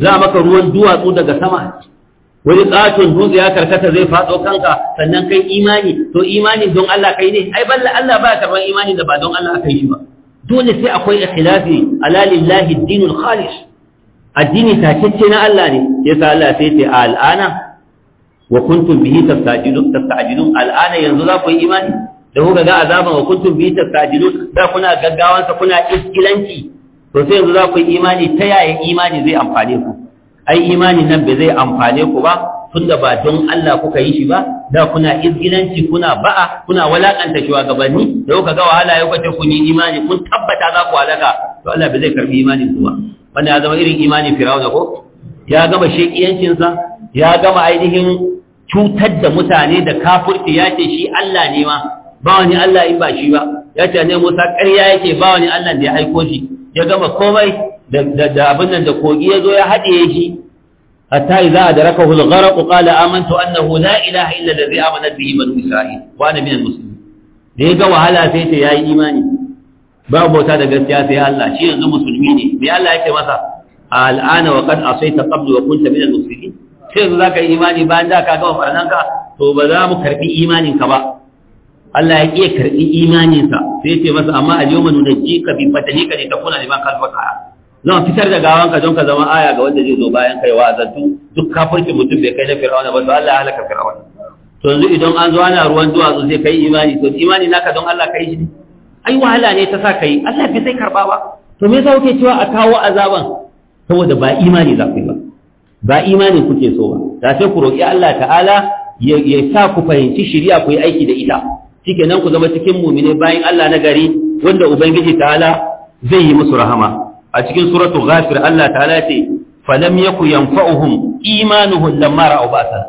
za a maka ruwan duwatsu daga sama wani katon dutse ya karkata zai faɗo kanka sannan kai imani to imani don Allah kai ne ai balla Allah ba karban imani da ba don Allah aka yi shi ba dole sai akwai ikhlasi ala lillahi dinul khalis addini takacce na Allah ne yasa Allah sai ce al'ana wa kuntum bihi tastajilun tastajilun al'ana yanzu za ku yi imani da kuka ga azaban wa kuntum bihi tastajilun da kuna gaggawan sa kuna iskilanci to sai yanzu za ku yi imani ta yaya imani zai amfane ku ai imani nan bai zai amfane ku ba tunda ba don Allah kuka yi shi ba da kuna izgilanci kuna ba'a kuna walakanta gabanni da kuka ga wahala ya kwace kun yi imani kun tabbata za ku halaka to Allah ba zai karbi imanin ku ba ya zama irin imanin Fir'auna ko ya gama shekiyancin sa ya gama ainihin cutar da mutane da kafirci ya ce shi Allah ne ma ba wani Allah in ba shi ba ya ce ne Musa ƙarya yake ba wani Allah da ya aiko shi ya gama komai da abin nan da kogi ya zo ya haɗe shi hatta idza adrakahu al-gharq qala amantu annahu la ilaha da zai amanat bihi banu isra'il wa ana min al-muslimin da yaga wahala sai ta yayi imani babu bauta da gaskiya sai Allah shi yanzu musulmi ne me Allah yake masa al'ana wa qad asaita qablu wa kunta min al-muslimin sai yanzu zaka yi imani bayan da ka ga farananka to ba za mu karbi imanin ba Allah ya iya karɓi imaninsa sai ya masa amma al-yawma nunajjika bi fatanika zan fitar da gawan ka don ka zama aya ga wanda zai zo bayan kai wa azantu duk kafirki mutum bai kai na fir'auna ba to Allah ya halaka fir'auna to yanzu idan an zo ana ruwan duwatsu sai kai imani to imani naka don Allah kai shi ai wahala ne ta sa kai Allah bai sai karba ba to me yasa kuke cewa a kawo azaban saboda ba imani za ku yi ba ba imani kuke so ba da sai ku roƙi Allah ta'ala ya sa ku fahimci shari'a ku yi aiki da ita shikenan ku zama cikin mu'mine bayan Allah na gari wanda ubangiji ta'ala zai yi musu rahama a cikin suratu ghafir Allah ta'ala ce falam yaku yanfa'uhum imanuhum lamma ra'u ba'sa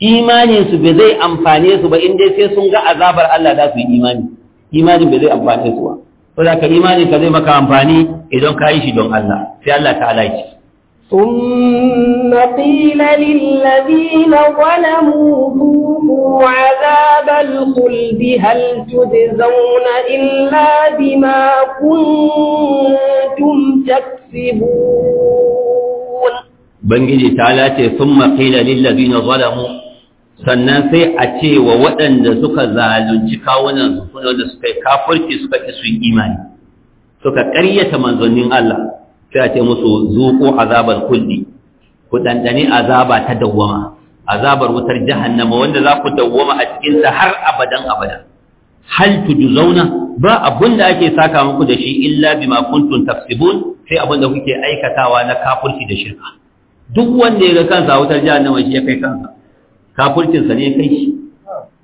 imanin su bai zai amfane su ba inda sai sun ga azabar Allah za su yi imani imanin bai zai amfane su ba saboda ka imanin ka zai maka amfani idan ka yi shi don Allah sai Allah ta'ala ya ce ثم قيل للذين ظلموا ذوقوا عذاب الخلد هل تجزون إلا بما كنتم تكسبون بنجي تعالى ثم قيل للذين ظلموا sannan sai a ce wa waɗanda suka zalunci kawunan wanda suka yi kafurci suka ƙi sun imani suka ƙaryata manzannin Allah sai a ce musu zuƙo azabar kulli ku ɗanɗani azaba ta dawwama azabar wutar jahannama wanda za ku dawwama a cikin ta har abadan abadan. hal tujzauna ba abun da ake saka muku da shi illa bima kuntum tafsibun sai abun da kuke aikatawa na kafirci da shirka duk wanda ya ga kansa wutar jahannama shi ya kai kansa sa ne kai shi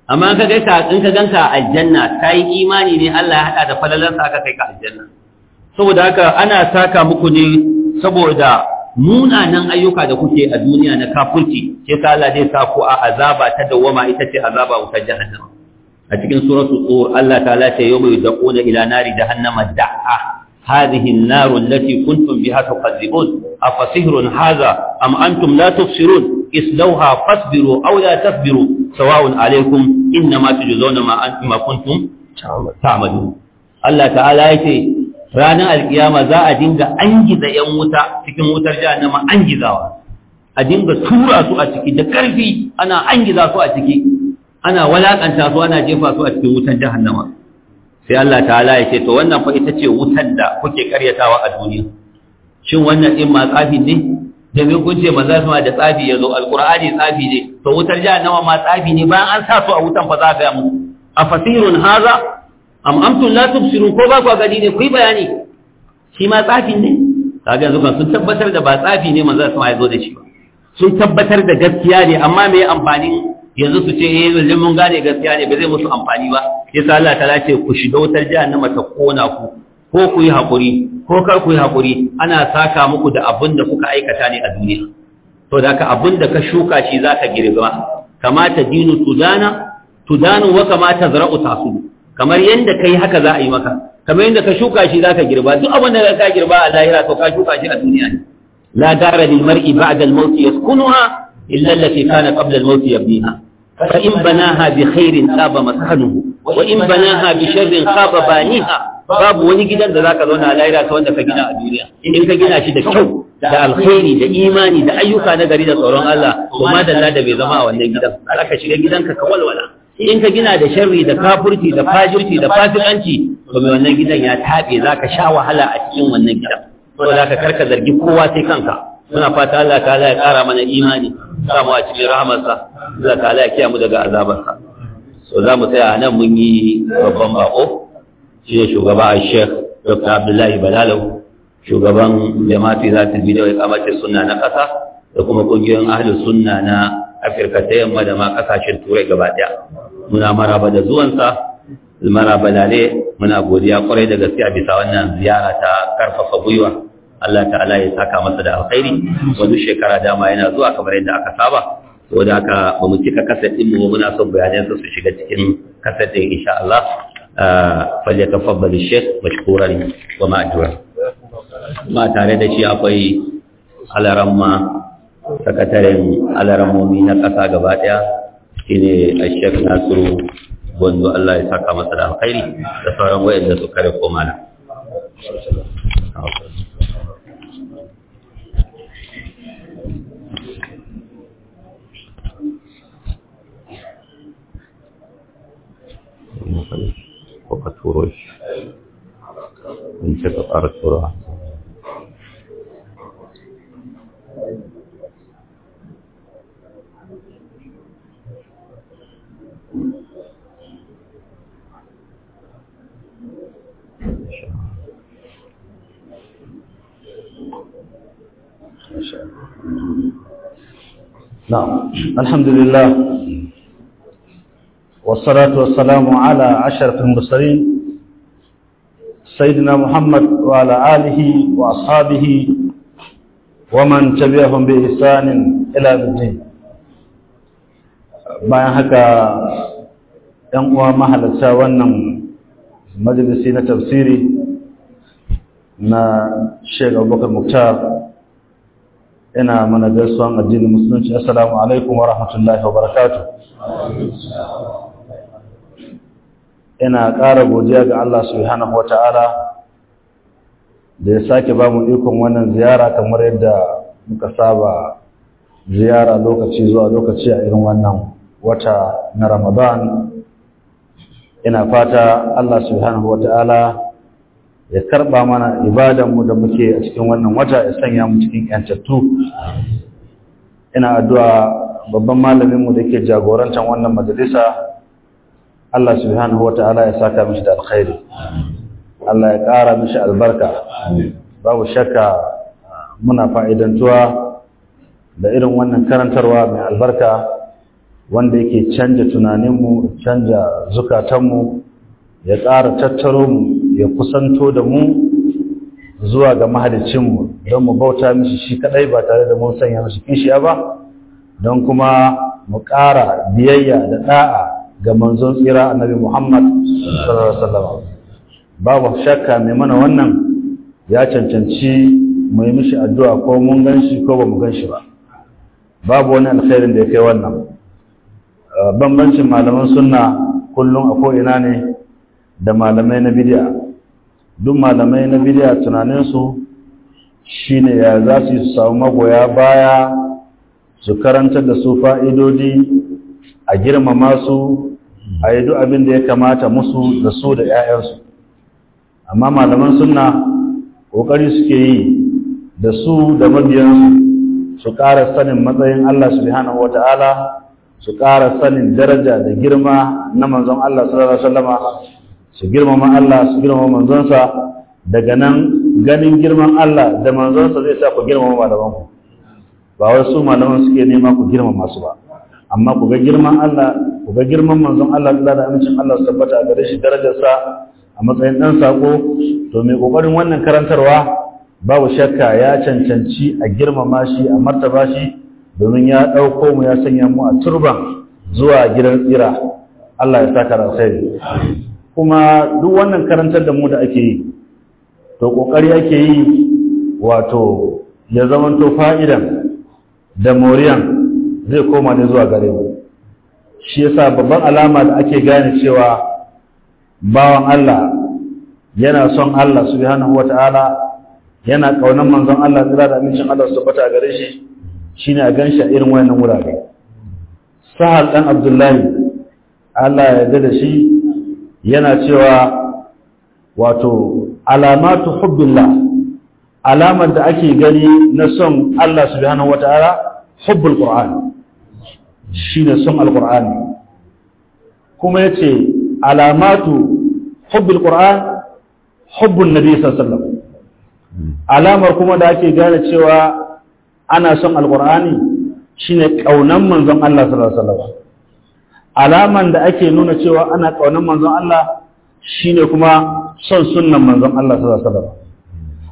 amma ka ka in ka ganka aljanna kai imani ne Allah ya hada da falalansa aka kai ka aljanna saboda haka ana saka muku ne saboda munanan ayyuka da kuke a duniya na kafirci sai ta Allah zai sa ku a azaba ta dawwama ita ce azaba wutar jahannama a cikin suratul tur Allah ta'ala ce yawma yudquna ila nari jahannama da'a hadhihi an-nar allati kuntum biha tukazzibun afa hadha am antum la tubsirun islawha fasbiru aw la tasbiru sawa'un alaykum innama tujzawna ma antum ma kuntum ta'malun Allah ta'ala yace ranar alkiyama za a dinga an giza yan wuta cikin wutar jahannama an gizawa a dinga tura su a ciki da ƙarfi ana an giza su a ciki ana walakanta su ana jefa su a cikin wutar jahannama sai Allah ta'ala ya ce to wannan fa ita ce wutar da kuke karyatawa a duniya shin wannan din ma tsafi ne Da domin kun ce su ma da tsafi ya zo alqur'ani tsafi ne to wutar jahannama ma tsafi ne bayan an sa su a wutan fa za ga mu fasirun haza am amtum la tubsirun ko ba ku gani ne ku yi bayani shi ma tsafi ne kaga sun tabbatar da ba tsafi ne manzo sama ya zo da shi ba sun tabbatar da gaskiya ne amma me amfani yanzu su ce eh yanzu mun gane gaskiya ne ba zai musu amfani ba yasa Allah ta lace ku shiga wutar jahannama ta kona ku ko ku yi hakuri ko kar ku yi hakuri ana saka muku da abin da kuka aikata ne a duniya to da ka abin da ka shuka shi zaka girba kamata dinu tudana tudanu wa kamata zara'u tasudu kamar yadda ka yi haka za a yi maka kamar yadda ka shuka shi za ka girba duk abin da ka girba a lahira to ka shuka shi a duniya ne la dara lil mar'i ba'da al-maut yaskunuha illa allati kana qabla al-maut yabniha fa in banaha bi khairin saba maskanuhu wa in banaha bi sharrin khaba baniha babu wani gidan da zaka zauna a lahira ta wanda ka gina a duniya in ka gina shi da kyau da alkhairi da imani da ayyuka na gari da tsoron Allah to madalla da bai zama a wannan gidan ka shiga gidanka ka walwala in ka gina da sharri da kafurci da fajirci da fasikanci to mai wannan gidan ya taɓe za ka sha wahala a cikin wannan gidan to za ka karka zargi kowa sai kanka muna fata Allah ya ƙara mana imani mu a cikin rahamarsa Allah ta ya kiyamu daga azabarsa so za mu tsaya nan mun yi babban bako shi ne shugaba a shek dr abdullahi balalau shugaban jama'ati za ta bi ya kamace sunna na ƙasa da kuma ƙungiyoyin ahalus sunna na afirka ta yamma da ma ƙasashen turai gaba ɗaya muna maraba da zuwansa Maraba balale muna godiya kwarai da gaske a bisa wannan ziyara ta karfafa gwiwa Allah ta'ala ya saka masa da alkhairi wani shekara dama yana zuwa kamar yadda aka saba saboda aka ba mu cika kasar din mu muna son bayanan su su shiga cikin kasar din insha Allah ba ah, shaykh mashkuran wa ma'jura ma tare da shi akwai alaramma sakataren alaramomi na ƙasa gaba ɗaya shine ashek nasiru wanda Allah ya saka masa da alkhairi da sauran wayanda suka rako mana وقد تروش من شرط أرد Naam. Alhamdulillah. Wassalatu wassalamu ala ashrafil mursalin sayyidina Muhammad wa ala alihi wa ashabihi wa man tabi'ahum bayan haka ɗan uwa mahalarta wannan majalisi na tafsiri na Sheikh Abubakar Muktar ina mana gaisuwan addinin musulunci assalamu alaikum wa rahmatullahi wa barakatuh ina ƙara godiya ga Allah subhanahu wata'ala da ya sake ba mu ikon wannan ziyara kamar yadda muka saba ziyara lokaci zuwa lokaci a irin wannan wata na Ramadan ina fata Allah subhanahu wata'ala ya karba mana mu da muke a cikin wannan wata ya sanya mu cikin yantattu ina addu'a babban malaminmu da yake jagorantar wannan majalisa Allah subhanahu wa ta'ala ya saka mishi da alkhairi Allah ya ƙara mishi albarka babu shakka muna fa'idantuwa da irin wannan karantarwa mai albarka wanda yake canja tunaninmu canja zukatanmu ya ƙara tattaro mu ya kusanto da mu zuwa ga mahalicinmu don mu bauta mishi shi kadai ba tare da mun sanya mishi kishiya ba don kuma mu ƙara biyayya da ɗa'a ga manzon tsira annabi Muhammad sallallahu babu shakka mai mana wannan ya cancanci mu yi mishi addu'a ko mun ganshi ko ba mu shi ba babu wani alkhairin da ya kai wannan bambancin malaman sunna kullum a ko'ina ne da malamai na bid'a duk malamai na bidiya tunaninsu shine ya za su yi su samu magoya baya su karanta da su fa'idodi a girmama su a yi duk abin da ya kamata musu da su da ‘ya'yansu amma malaman suna ƙoƙari suke yi da su da mabiyansu su ƙara sanin matsayin Allah subhanahu wa ta'ala su ƙara sanin daraja da girma na manzon Allah sallallahu Alaihi wasallama su girmama Allah su girmama manzonsa daga nan ganin girman Allah da manzonsa zai sa ku girmama ku ba wai su malaman suke nema ku girmama su ba amma ku ga girman Allah ku ga girman manzon Allah da amincin Allah su tabbata a gare shi darajarsa a matsayin dan sako to mai kokarin wannan karantarwa babu shakka ya cancanci a girmama shi a martaba shi domin ya dauko mu ya sanya mu a turban zuwa gidan tsira Allah ya saka rasai kuma duk wannan karantar da mu da ake yi to kokari ake yi wato ya zamanto fa'idan da moriyan zai koma ne zuwa gare mu shi yasa babban alama da ake gane cewa bawan Allah yana son Allah subhanahu wata'ala yana kaunan manzon Allah tsira da amincin Allah su bata gare shi shine a ganshi a irin wayannan wurare Sahal dan Abdullahi Allah ya yarda da shi yana cewa wato alamatu hubbillah alamar da ake gani na son Allah subhanahu wata'ala hubbul qur'an shine son alqur'ani kuma yace alamatu hubbul qur'an hubbun nabi sallallahu alamar kuma da ake gane cewa ana son alqur'ani shine kaunan manzon Allah sallallahu alaihi wasallam alaman da ake nuna cewa ana ƙaunar manzon Allah shine kuma son sunnan manzon Allah sallallahu alaihi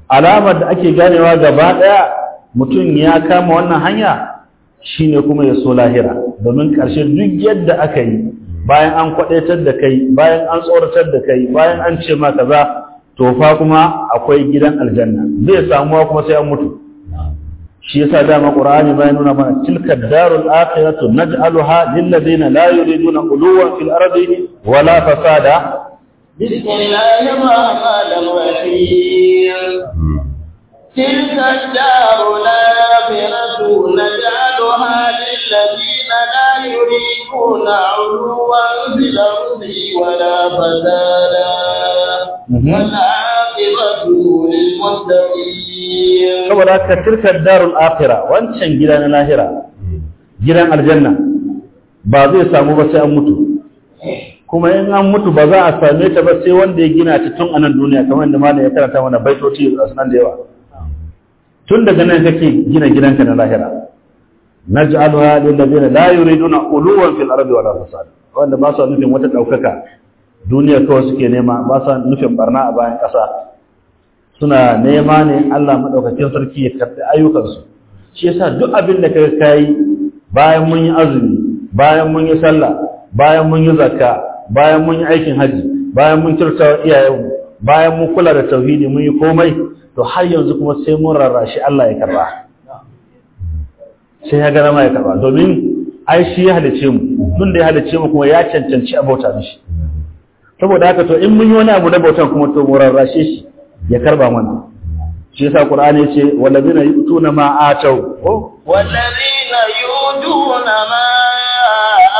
alamar da ake ganewa gaba ɗaya mutum ya kama wannan hanya shine kuma ya so lahira domin ƙarshe duk yadda aka yi bayan an kwadaitar da kai bayan an tsoratar da kai bayan an ce ma kaza to fa kuma akwai gidan aljanna zai samuwa kuma sai an mutu shi yasa dama qur'ani bai nuna mana tilka darul akhiratu naj'aluha lil ladina la yuriduna uluwan fil ardi wala fasada bismillahir rahmanir rahim tilka darul akhiratu naj'aluha lil لا يريدون علوا في الأرض ولا فسادا والعاقبة للمتقين saboda haka tilka darul akhirah wancan gida na lahira gidan aljanna ba zai samu ba sai an mutu kuma in an mutu ba za a same ta ba sai wanda ya gina ta tun anan duniya kamar da malam ya karanta mana baitoci a sunan da yawa tun daga nan kake gina gidanka na lahira naj'alha lil ladina la yuriduna uluwan fil ardi wala fasad wanda ba su nufin wata daukaka duniya kawai suke nema ba su nufin barna a bayan kasa suna nema ne Allah madaukakin sarki ya karbi ayyukansu shi yasa duk abin da kaga kai bayan mun yi azumi bayan mun yi sallah bayan mun yi zakka bayan mun yi aikin haji bayan mun kirtawa iyayenmu bayan mun kula da tauhidi mun yi komai to har yanzu kuma sai mun rarrashi Allah ya karba sai ya gara ma ya karba domin ai shi ya halice mu tun da ya halice mu kuma ya cancanci abota bauta mishi saboda haka to in mun yi wani abu na bautan kuma to mu rarrashe shi ya karba mana shi yasa qur'ani yace wallazina yu'tuna ma atau wallazina yu'tuna ma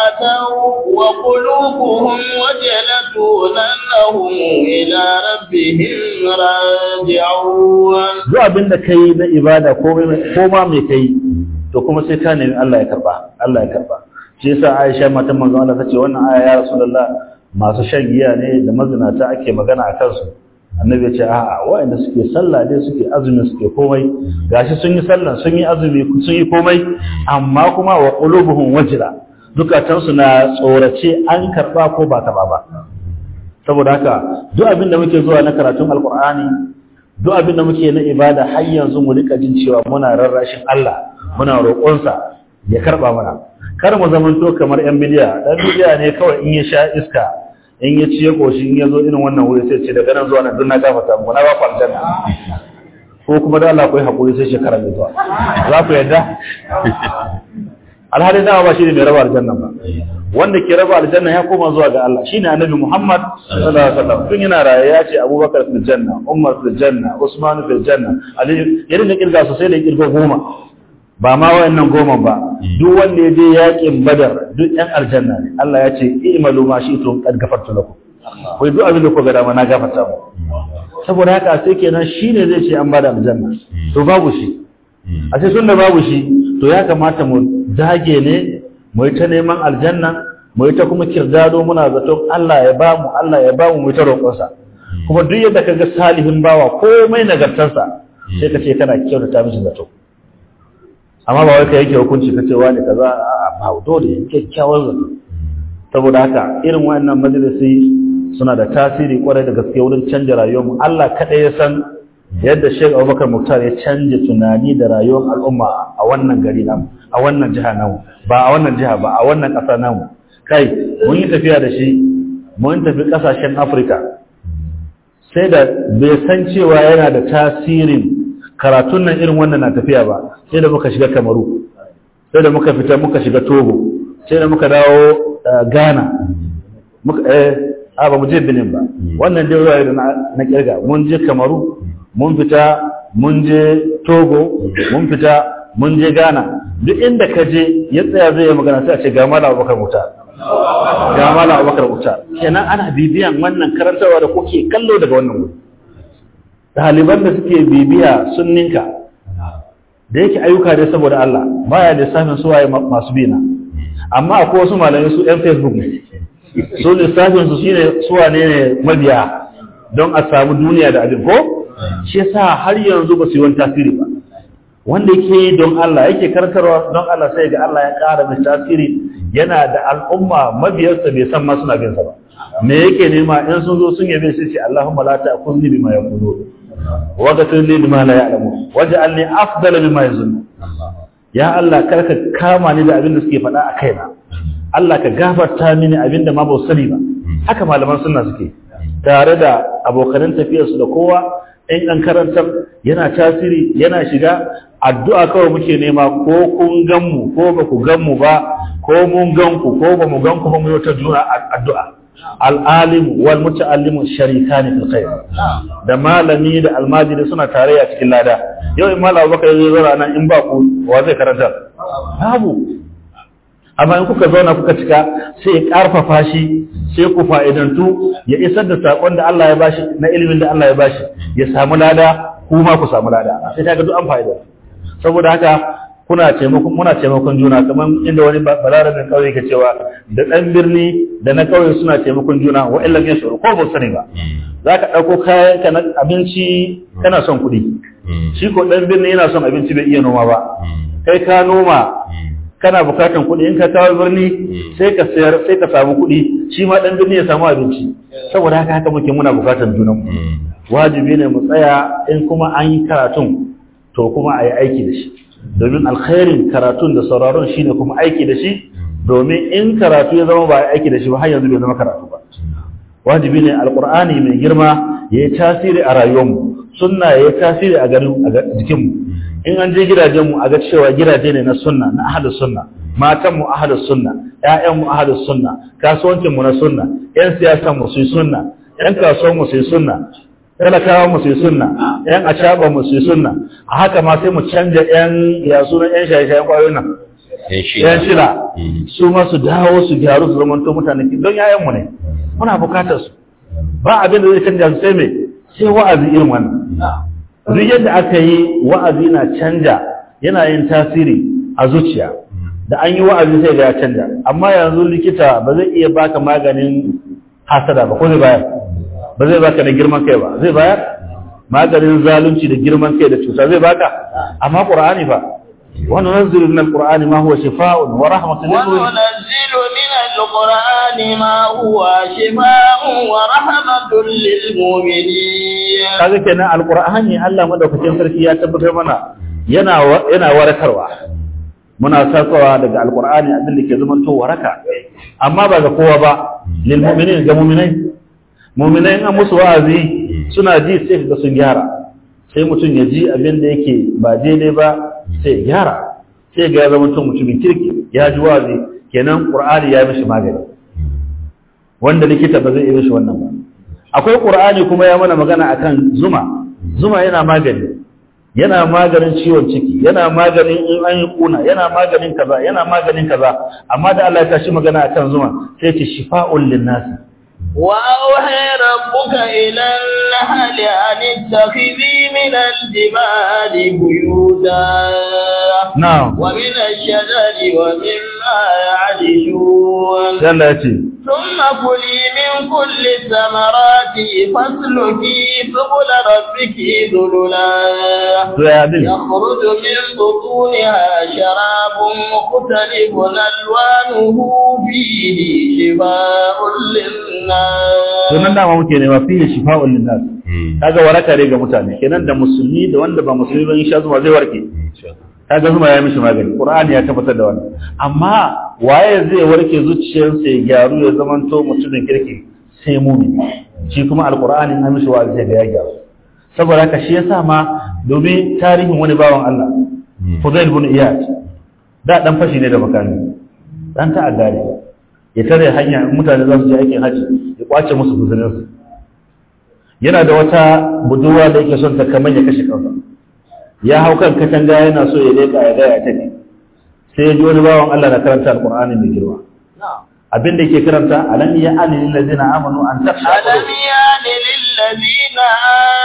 atau wa qulubuhum wajalatun annahum ila rabbihim raji'un duk abinda kai na ibada ko ma mai kai to kuma sai ka nemi Allah ya karba Allah ya karba shi yasa Aisha matan manzon Allah ta ce wannan aya ya Rasulullah masu shan giya ne da mazinata ake magana a kansu annabi ya ce a'a waɗanda suke sallah dai suke azumi suke komai gashi sun yi sallah sun yi azumi sun yi komai amma kuma wa qulubuhum wajra dukatansu na tsorace an karba ko ba karba ba saboda haka duk abin da muke zuwa na karatun alqur'ani duk abin da muke na ibada har yanzu mu rika jin cewa muna rarrashin Allah muna roƙonsa ya karɓa mana kar mu zamanto kamar yan bidiya ɗan bidiya ne kawai in ya sha iska in ya ci ya ƙoshi, in ya zo irin wannan wuri sai ce daga nan zuwa nan duk na gafarta mu na ba ku aljanna ko kuma da Allah ku yi hakuri sai shekara mai zuwa za ku yadda alhali dama ba shi ne mai raba aljanna ba wanda ke raba aljanna ya koma zuwa ga Allah shine annabi Muhammad sallallahu alaihi wasallam tun yana raye ya ce Abubakar fil janna Umar fil janna Usman fil janna Ali irin da kirga sosai da kirga goma ba ma nan goma ba hmm. duk wanda ya je yakin badar duk ɗan aljanna ne Allah ya ce i'malu ma shi'tum qad ghafartu lakum kai duk abin da ku ga dama na gafarta mu hmm. saboda haka sai kenan shine zai ce an bada aljanna hmm. to babu shi a sai da babu shi to ya kamata mu dage ne mu ta neman aljanna mu ta kuma kirdado muna zato, Allah ya ba mu Allah ya ba mu mu ta roƙonsa kuma duk yadda ka ga salihin bawa komai nagartarsa sai ka ce kana kyautata mishi zato amma ba wai ka yake hukunci ka ce wani kaza a ba dole kyakkyawar zato saboda haka irin wannan majalisi suna da tasiri kwarai da gaske wurin canja rayuwar Allah kaɗai ya san yadda Sheikh Abubakar Muktar ya canja tunani da rayuwar al'umma a wannan gari na, a wannan jiha namu ba a wannan jiha ba a wannan ƙasa namu kai mun yi tafiya da shi mun tafi ƙasashen Afirka sai da bai san cewa yana da tasirin karatun nan irin wannan na tafiya ba sai da muka shiga kamaru sai da muka fita muka shiga togo sai da muka dawo eh, ghana eh, a ba mu je benin ba wannan dai ruwa na kirga mun je kamaru mun fita mun je togo mun fita mun je ghana duk inda ka je ya tsaya zai yi magana sai a ce ga mala abubakar wuta ga mala abubakar wuta kenan ana bibiyan wannan karantarwa da kuke kallo daga wannan wuri ɗaliban da suke bibiya sunninka da yake ayyuka dai saboda Allah ba da lissafin su waye masu bina amma akwai wasu malamai su yan facebook ne su lissafin su shine su wane ne mabiya don a samu duniya da abin ko shi yasa har yanzu ba su yi wani tasiri ba wanda yake don Allah yake karkarwa don Allah sai ga Allah ya ƙara mai tasiri yana da al'umma mabiyarsa bai san ma suna bin sa ba me yake nema in sun zo sun yabe sai ce Allahumma la ta'khudni bima yaqulun واغفر لي waje لا يعلمون واجعلني افضل مما يظنون ya Allah karka kama ni da abin da suke faɗa a kaina Allah ka gafarta mini abin da ma ba sani ba haka malaman sunna suke tare da abokanan tafiyar su da kowa in an karantar yana tasiri yana shiga addu'a kawai muke nema ko kun gan mu ko ba ku gan mu ba ko mun gan ku ko ba mu gan ku ba mu yi wata juna addu'a al'alimu wal muta'allimu sharikani fil khair da malami da almajiri suna tare a cikin lada yau in baka baka ya zo nan in ba ku wa zai karanta babu amma in kuka zauna kuka cika sai ya karfafa shi sai ku fa'idantu ya isar da sakon da Allah ya bashi na ilimin da Allah ya bashi ya samu lada kuma ku samu lada sai ga duk an fa'ida saboda haka kuna taimakon muna taimakon juna kamar inda wani balarabin kauye ke cewa da ɗan birni da na kauye suna taimakon juna wa ne su ko ba sani ba hmm. za ka ɗauko kayan ka na abinci hmm. kana son kuɗi hmm. shi ko ɗan birni yana son abinci bai iya noma ba kai ka noma kana bukatan kuɗi in ka kawo birni sai ka sayar sai ka samu kuɗi shi ma ɗan birni ya samu abinci saboda haka haka muke muna bukatan junan wajibi ne mu tsaya in kuma an yi karatun to kuma a yi aiki da shi domin alkhairin karatun da sauraron shi ne kuma aiki da shi domin in karatu ya zama ba aiki da shi ba har yanzu bai zama karatu ba wajibi ne alkur'ani mai girma ya yi tasiri a rayuwarmu sunna ya yi tasiri a garin jikinmu in an je gidajenmu a ga cewa gidaje ne na sunna na ahadu sunna matanmu ahadu sunna ƴaƴanmu ahadu sunna kasuwancinmu na sunna ƴan siyasanmu su sunna ƴan kasuwanmu su sunna talakawa mu sai sunna yan ashaba mu sai sunna a haka ma sai mu canja yan ya sunan yan shaye-shayen kwayoyin nan yan shila mm. su ma dawo su gyaru su zama mutane don yayan mu ne mm. muna bukatar su ba abin da zai canja su sai me sai wa'azi irin wannan mm. duk yadda aka yi wa'azi na canja yana yin tasiri a zuciya da an yi wa'azi sai ga ya canja amma yanzu likita ba zai iya baka maganin hasada ba ko zai bayar ba zai baka da girman kai ba zai bayar maganin zalunci da girman kai da cuta zai baka amma qur'ani fa wa nunzilu min alqur'ani ma huwa shifaa'un wa rahmatun lil mu'minin wa nunzilu min alqur'ani ma huwa shifaa'un wa rahmatun lil mu'minin kaga kenan alqur'ani Allah madaukakin sarki ya tabbatar mana yana yana warakarwa muna sarkawa daga alqur'ani abin da ke to waraka amma ba ga kowa ba lil mu'minin ga mu'minai muminai an musu wa'azi suna ji sai ga sun gyara sai mutum ya ji abin da yake ba daidai ba sai gyara sai ga zama mutum mutumin kirki ya ji wa'azi kenan qur'ani ya mishi magani wanda likita ba zai yi mishi wannan ba akwai qur'ani kuma ya mana magana akan zuma zuma yana magani yana maganin ciwon ciki yana maganin in an yi kuna yana maganin kaza yana maganin kaza amma da Allah ya tashi magana akan zuma sai ce shifa'ul linnasi. وأوحي ربك إلى النحل أن اتخذي من الجبال بيوتا نعم ومن الشجر ومما يعرشون ثم كلي من كل الثمرات فاسلكي سبل ربك ذللا يخرج من بطونها شراب مختلف ألوانه فيه شفاء للناس sunan nan dama muke nema fi shifa'un linnas hmm. kaga waraka ne ga mutane kenan da musulmi da wanda ba musulmi ba insha Allah zai warke kaga zuma ya mishi magani qur'ani ya tabbatar da wannan amma waye zai warke zuciyarsa ya gyaru ya zamanto mutumin kirki sai mumin shi kuma alqur'ani an mishi wa'azi ga ya gyaru saboda haka shi yasa ma domin tarihin wani bawan Allah hmm. Fudail ibn Iyad da dan fashi ne da makami dan ta ne ya tare hanya mutane za su je aikin haji ya kwace musu guzurinsu yana da wata buduwa da yake son ta kamar ya kashe kansa ya hau kan katanga yana so ya leƙa ya gaya ta ne sai ya ji wani bawan Allah na karanta alƙur'ani mai girma abin da yake karanta alam ya ani ladina amanu an tafsha alam ya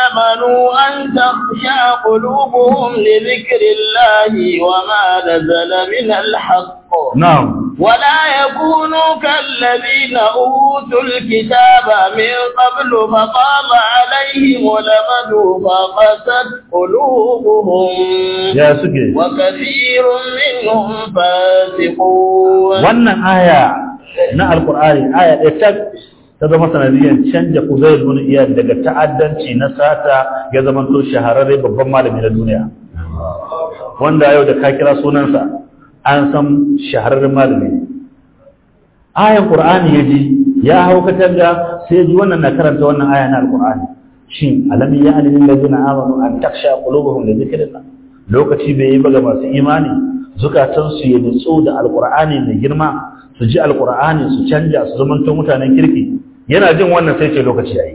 آمنوا أن تخشع قلوبهم لذكر الله وما نزل من الحق نعم ولا يكونوا كالذين أوتوا الكتاب من قبل فطال عليهم الأمد فقست قلوبهم يا سكي وكثير منهم فاسقون وانا آية na alkur'ani aya ɗaya ta zama sanadiyar canja Uzair ibn iya daga ta'addanci na sata ya zama to shahararre babban malami na duniya wanda yau da ka kira sunansa an san shahararren malami ayan Qur'ani yaji ya hau katanga sai ji wannan na karanta wannan aya na al shin alam ya alil ladina amanu an taksha qulubuhum li dhikrillah lokaci bai yi ba ga masu imani zukatansu ya nutsu da al mai girma su ji al su canja su zamanto mutanen kirki yana jin wannan sai ce lokaci yayi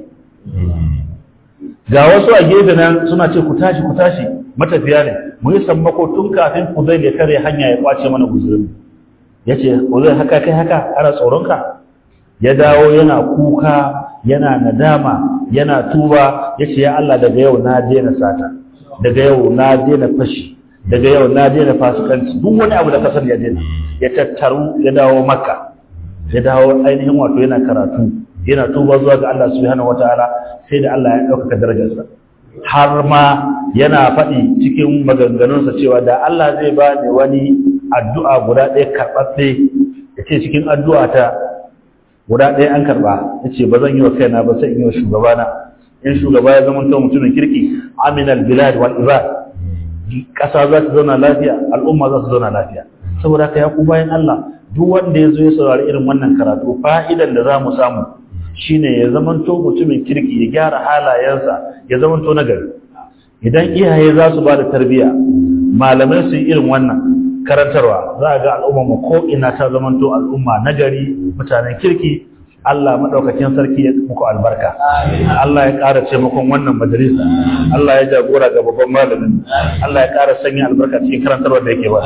ga wasu a gefe nan suna ce ku tashi ku tashi matafiya ne mu yi sammako tun kafin ku zai ya kare hanya ya kwace mana guzurin ya ce ku zai haka kai haka ana tsoronka ya dawo yana kuka yana nadama yana tuba ya ce ya Allah daga yau na je na sata daga yau na je na fashi daga yau na je na fasikanci duk wani abu da kasar ya je ya tattaru ya dawo makka ya dawo ainihin wato yana karatu yana tuba zuwa ga Allah subhanahu wataala sai da Allah ya ɗaukaka darajarsa har ma yana faɗi cikin maganganunsa cewa da Allah zai ba ni wani addu'a guda ɗaya karɓaɓɓe ya ce cikin addu'a ta guda ɗaya an karɓa ya ce ba zan yi wa kaina ba sai in yi wa shugabana in shugaba ya zama ta mutumin kirki aminal bilad wal ibad ƙasa za ta zauna lafiya al'umma za su zauna lafiya saboda ka ya ku bayan Allah duk wanda ya zo ya saurari irin wannan karatu fa'idan da za mu samu Shi ne ya zamanto mutumin kirki ya gyara halayensa ya zamanto nagari idan iyaye za su ba da tarbiyya malamai su yi irin wannan karantarwa za a ga al'umma mu ko ina ta zamanto al'umma nagari mutanen kirki Allah madaukakin sarki ya muku albarka Allah ya ƙara taimakon wannan majalisa Allah ya jagora ga babban malamin Allah ya ƙara sanya albarka cikin karantarwa da yake ba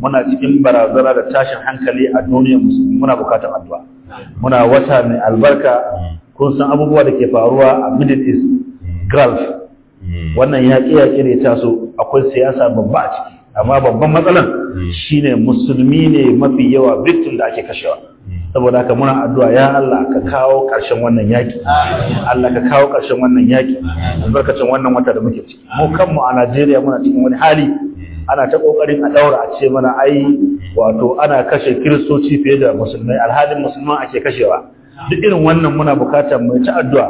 muna cikin barazana da tashin hankali a duniyar musulmi muna bukatar addu'a muna wata mai albarka mm. kun san abubuwa da ke faruwa a middle east mm. gulf mm. wannan yaƙi yaƙi ne taso akwai siyasa babba a ciki amma babban matsalan shine musulmi ne mafi yawa victim da ake kashewa saboda haka muna addu'a ya Allah ka kawo ƙarshen wannan yaki Allah ka kawo ƙarshen wannan yaki albarkacin wannan wata da muke ciki mu kanmu a Najeriya muna cikin wani hali ana ta kokarin a daura a ce mana ai wato ana kashe kiristoci fiye da musulmai alhalin musulman ake kashewa duk irin wannan muna bukatar mai ta addu'a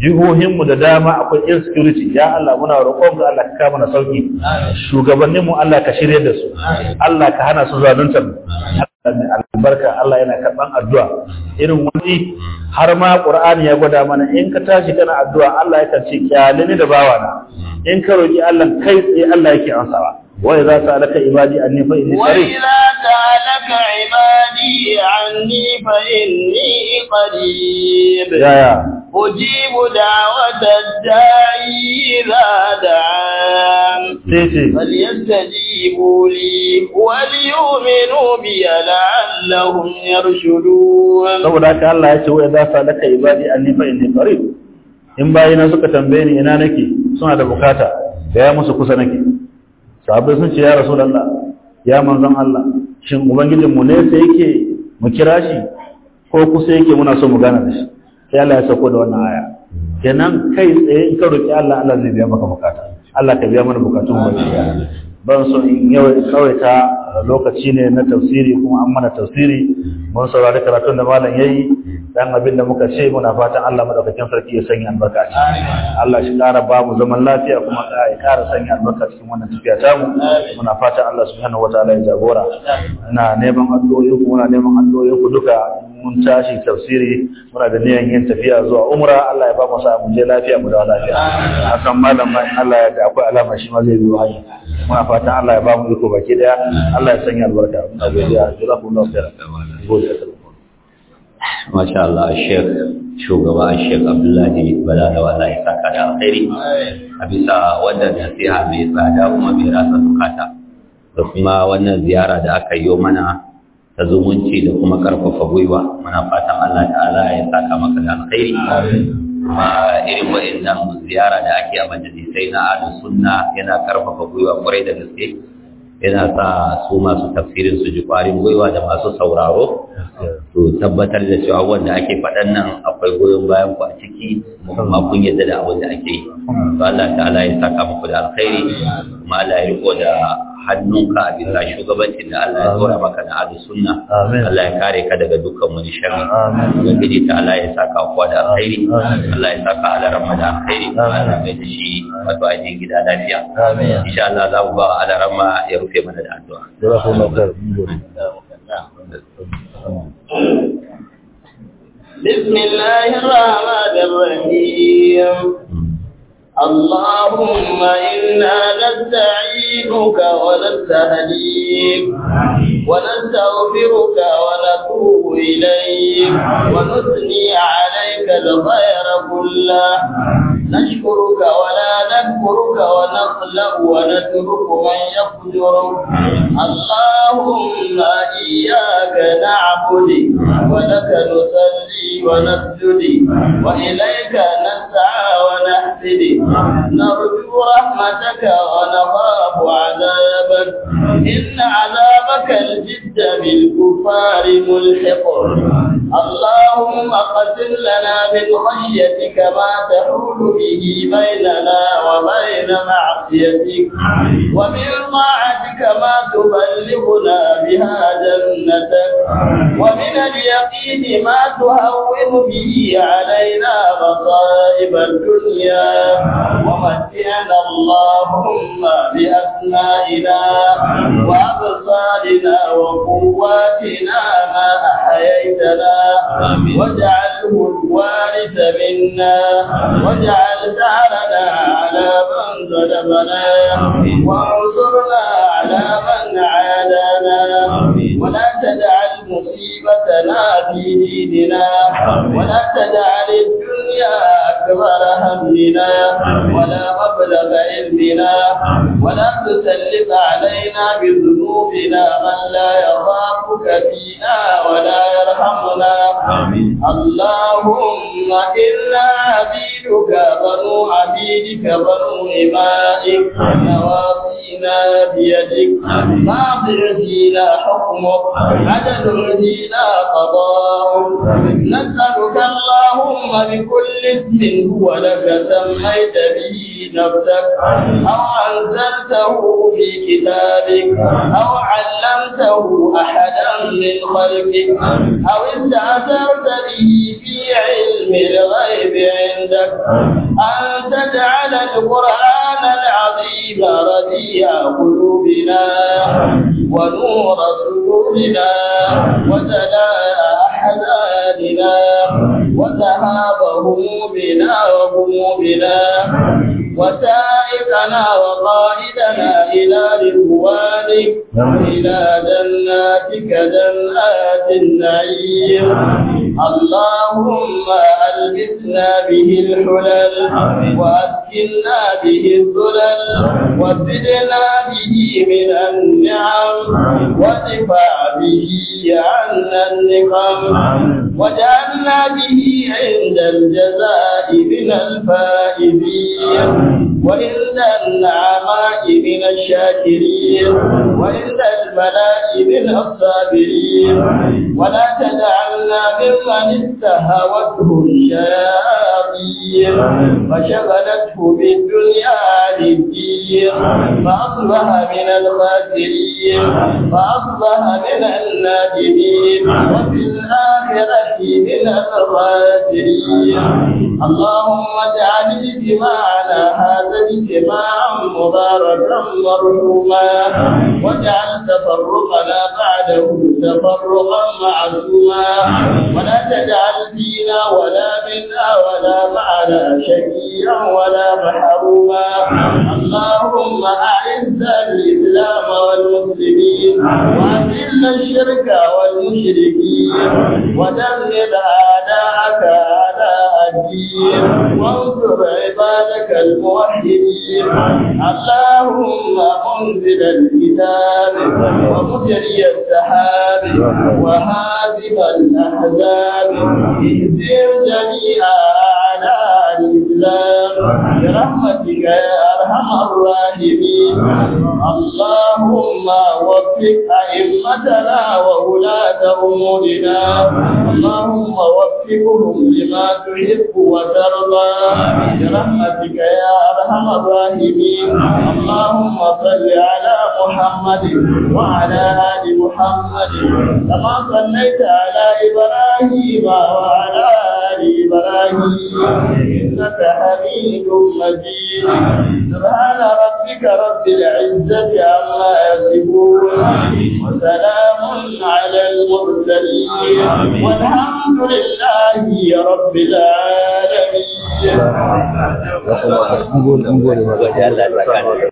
jihohin mu da dama akwai insecurity ya Allah muna roƙon ga Allah ka kama na sauki shugabannin mu Allah ka shirye da su Allah ka hana su zaluntar albarka Allah yana karɓan addu'a irin wani har ma Qur'ani ya gwada mana in ka tashi kana addu'a Allah ya karci kyalini da bawana in ka roki Allah kai tsaye Allah yake ansawa وإذا سألك عبادي أني فإني قريب وإذا سألك عبادي عني فإني قريب يا يا أجيب دعوة الداعي إذا دعان فليستجيبوا لي وليؤمنوا بي لعلهم يرشدون سبحانك الله يا وإذا سألك عبادي أني فإني قريب إن باينا سكة تنبيني إنا نكي سنة بكاتا يا مسكوسة نكي sahabbai sun ce ya rasu Allah ya manzon Allah shin ubangijin mu ne sai yake mu kira shi ko kusa yake muna so mu gana da shi sai Allah ya sauko da wannan aya kenan kai tsaye in ka roki Allah Allah zai biya maka bukata Allah ka biya mana bukatun mu ban so in yawaita lokaci ne na tafsiri kuma an mana tafsiri mun saurari karatun da malam yayi dan abin da muka ce muna fatan Allah madaukakin sarki ya sanya albarka ci Allah shi kara ba mu zaman lafiya kuma ka ya kara sanya albarka cikin wannan tafiya ta mu muna fatan Allah subhanahu wataala ya jagora ina neman addu'o'i ku muna neman addu'o'i duka mun tashi tafsiri muna da niyan yin tafiya zuwa umra Allah ya ba mu sa mu je lafiya mu dawo lafiya hakan malam Allah ya da akwai alama shi ma zai biyo hanya muna fatan Allah ya ba mu iko baki daya Allah ya sanya albarka muna godiya jazakumullahu khairan godiya Masha Allah, Sheikh shugaba Sheikh Abdullahi Balalawa Allah ya saka da alheri. a bisa wannan nasiha mai tsada kuma mai rasa bukata da kuma wannan ziyara da aka yi mana da zumunci da kuma karfafa gwiwa muna fatan Allah ta'ala ya saka maka da alkhairi ma irin wa'annan ziyara da ake a majalisai na ahlus sunna yana karfafa gwiwa kwarai da gaske yana sa su masu tafsirin su ji kwarin gwiwa da masu sauraro to tabbatar da cewa wanda ake faɗan nan akwai goyon bayan ku a ciki kuma kun yadda da abin da ake yi to Allah ta'ala ya saka muku da alkhairi kuma Allah ya riko da hannun ka a bisa shugabancin da Allah ya tsora maka na ahlus sunna Allah ya kare ka daga dukkan wani sharri ubangiji ta Allah ya sa ka kuwa da alkhairi Allah ya sa ka ala ramma da alkhairi Allah ya da shi wato a cikin gida lafiya insha Allah za mu ba ala ramma ya rufe mana da addu'a بسم الله الرحمن الرحيم اللهم إنا نستعينك ونستهديك ونستغفرك ونتوب إليك ونثني عليك الخير كله نشكرك ولا نكفرك ونخلق ونترك من يقدرك اللهم إياك نعبد ولك نصلي ونسجد وإليك نسعى ونحسد نرجو رحمتك ونخاف عذابك إن عذابك الجد بالكفار ملحق اللهم قسم لنا من خشيتك ما تحول به بيننا وبين معصيتك ومن وتبلغنا بها جنتك ومن اليقين ما تهون به علينا مصائب الدنيا ومتعنا اللهم بأسمائنا وأبصارنا وقواتنا ما أحييتنا واجعله الوارث منا واجعل ثأرنا على من ظلمنا وانصرنا على من عادانا آتانا ولا تجعل مصيبتنا في ديننا ولا تجعل الدنيا أكبر همنا ولا مبلغ علمنا ولا تسلط علينا بذنوبنا من لا يخافك فينا ولا يرحمنا اللهم إنا عبيدك بنو عبيدك بنو إمائك نواصينا بيدك ما ناصر فينا حكمك عدل فينا قضاؤك نسألك اللهم بكل اسم هو لك سميت به نفسك أو أنزلته في كتابك أو علمته أحدا من خلقك أو استأثرت به في علم الغيب عندك أن تجعل القرآن العظيم ربيع قلوبنا ونور صدورنا وجلاء أحزاننا وذهاب همومنا وغمومنا وسائقنا وقائدنا إلى رضوانك إلى جناتك جنات النعيم اللهم ألبسنا به الحلل وأسكنا به الذلل وزدنا به من النعم النعم ودفع به عنا النقم وجعلنا به عند الجزاء من الفائزين وإن النعماء من الشاكرين وإن الملاء من الصابرين ولا تجعلنا ممن استهوته الشياطين فشغلته بالدنيا عن الدين فأصبح من الخاسرين فأصبح من النادمين وفي الآخرة من الخاسرين اللهم اجعلني بما على هذا اجتماعا مباركا مرحوما واجعل تفرقنا بعده تفرقا معزوما ولا تجعل فينا ولا منا ولا معنا شقيا ولا محروما اللهم أعز الإسلام والمسلمين وأذل الشرك والمشركين ودمر أعداءك أعداء الدين وانصر عبادك الموحدين اللهم منزل الكتاب ومجري السحاب وهازم الأحزاب اهزم جميع أعداء الإسلام برحمتك يا أرحم الراحمين اللهم وفق أئمتنا وولاة أمورنا اللهم وفقهم لما تحب وترضى برحمتك يا أرحم أرحم الراحمين اللهم صل على محمد وعلى آل محمد كما صليت على إبراهيم وعلى آل إبراهيم إنك حميد مجيد سبحان ربك رب العزة عما يصفون وسلام على المرسلين والحمد لله رب العالمين mun gode maka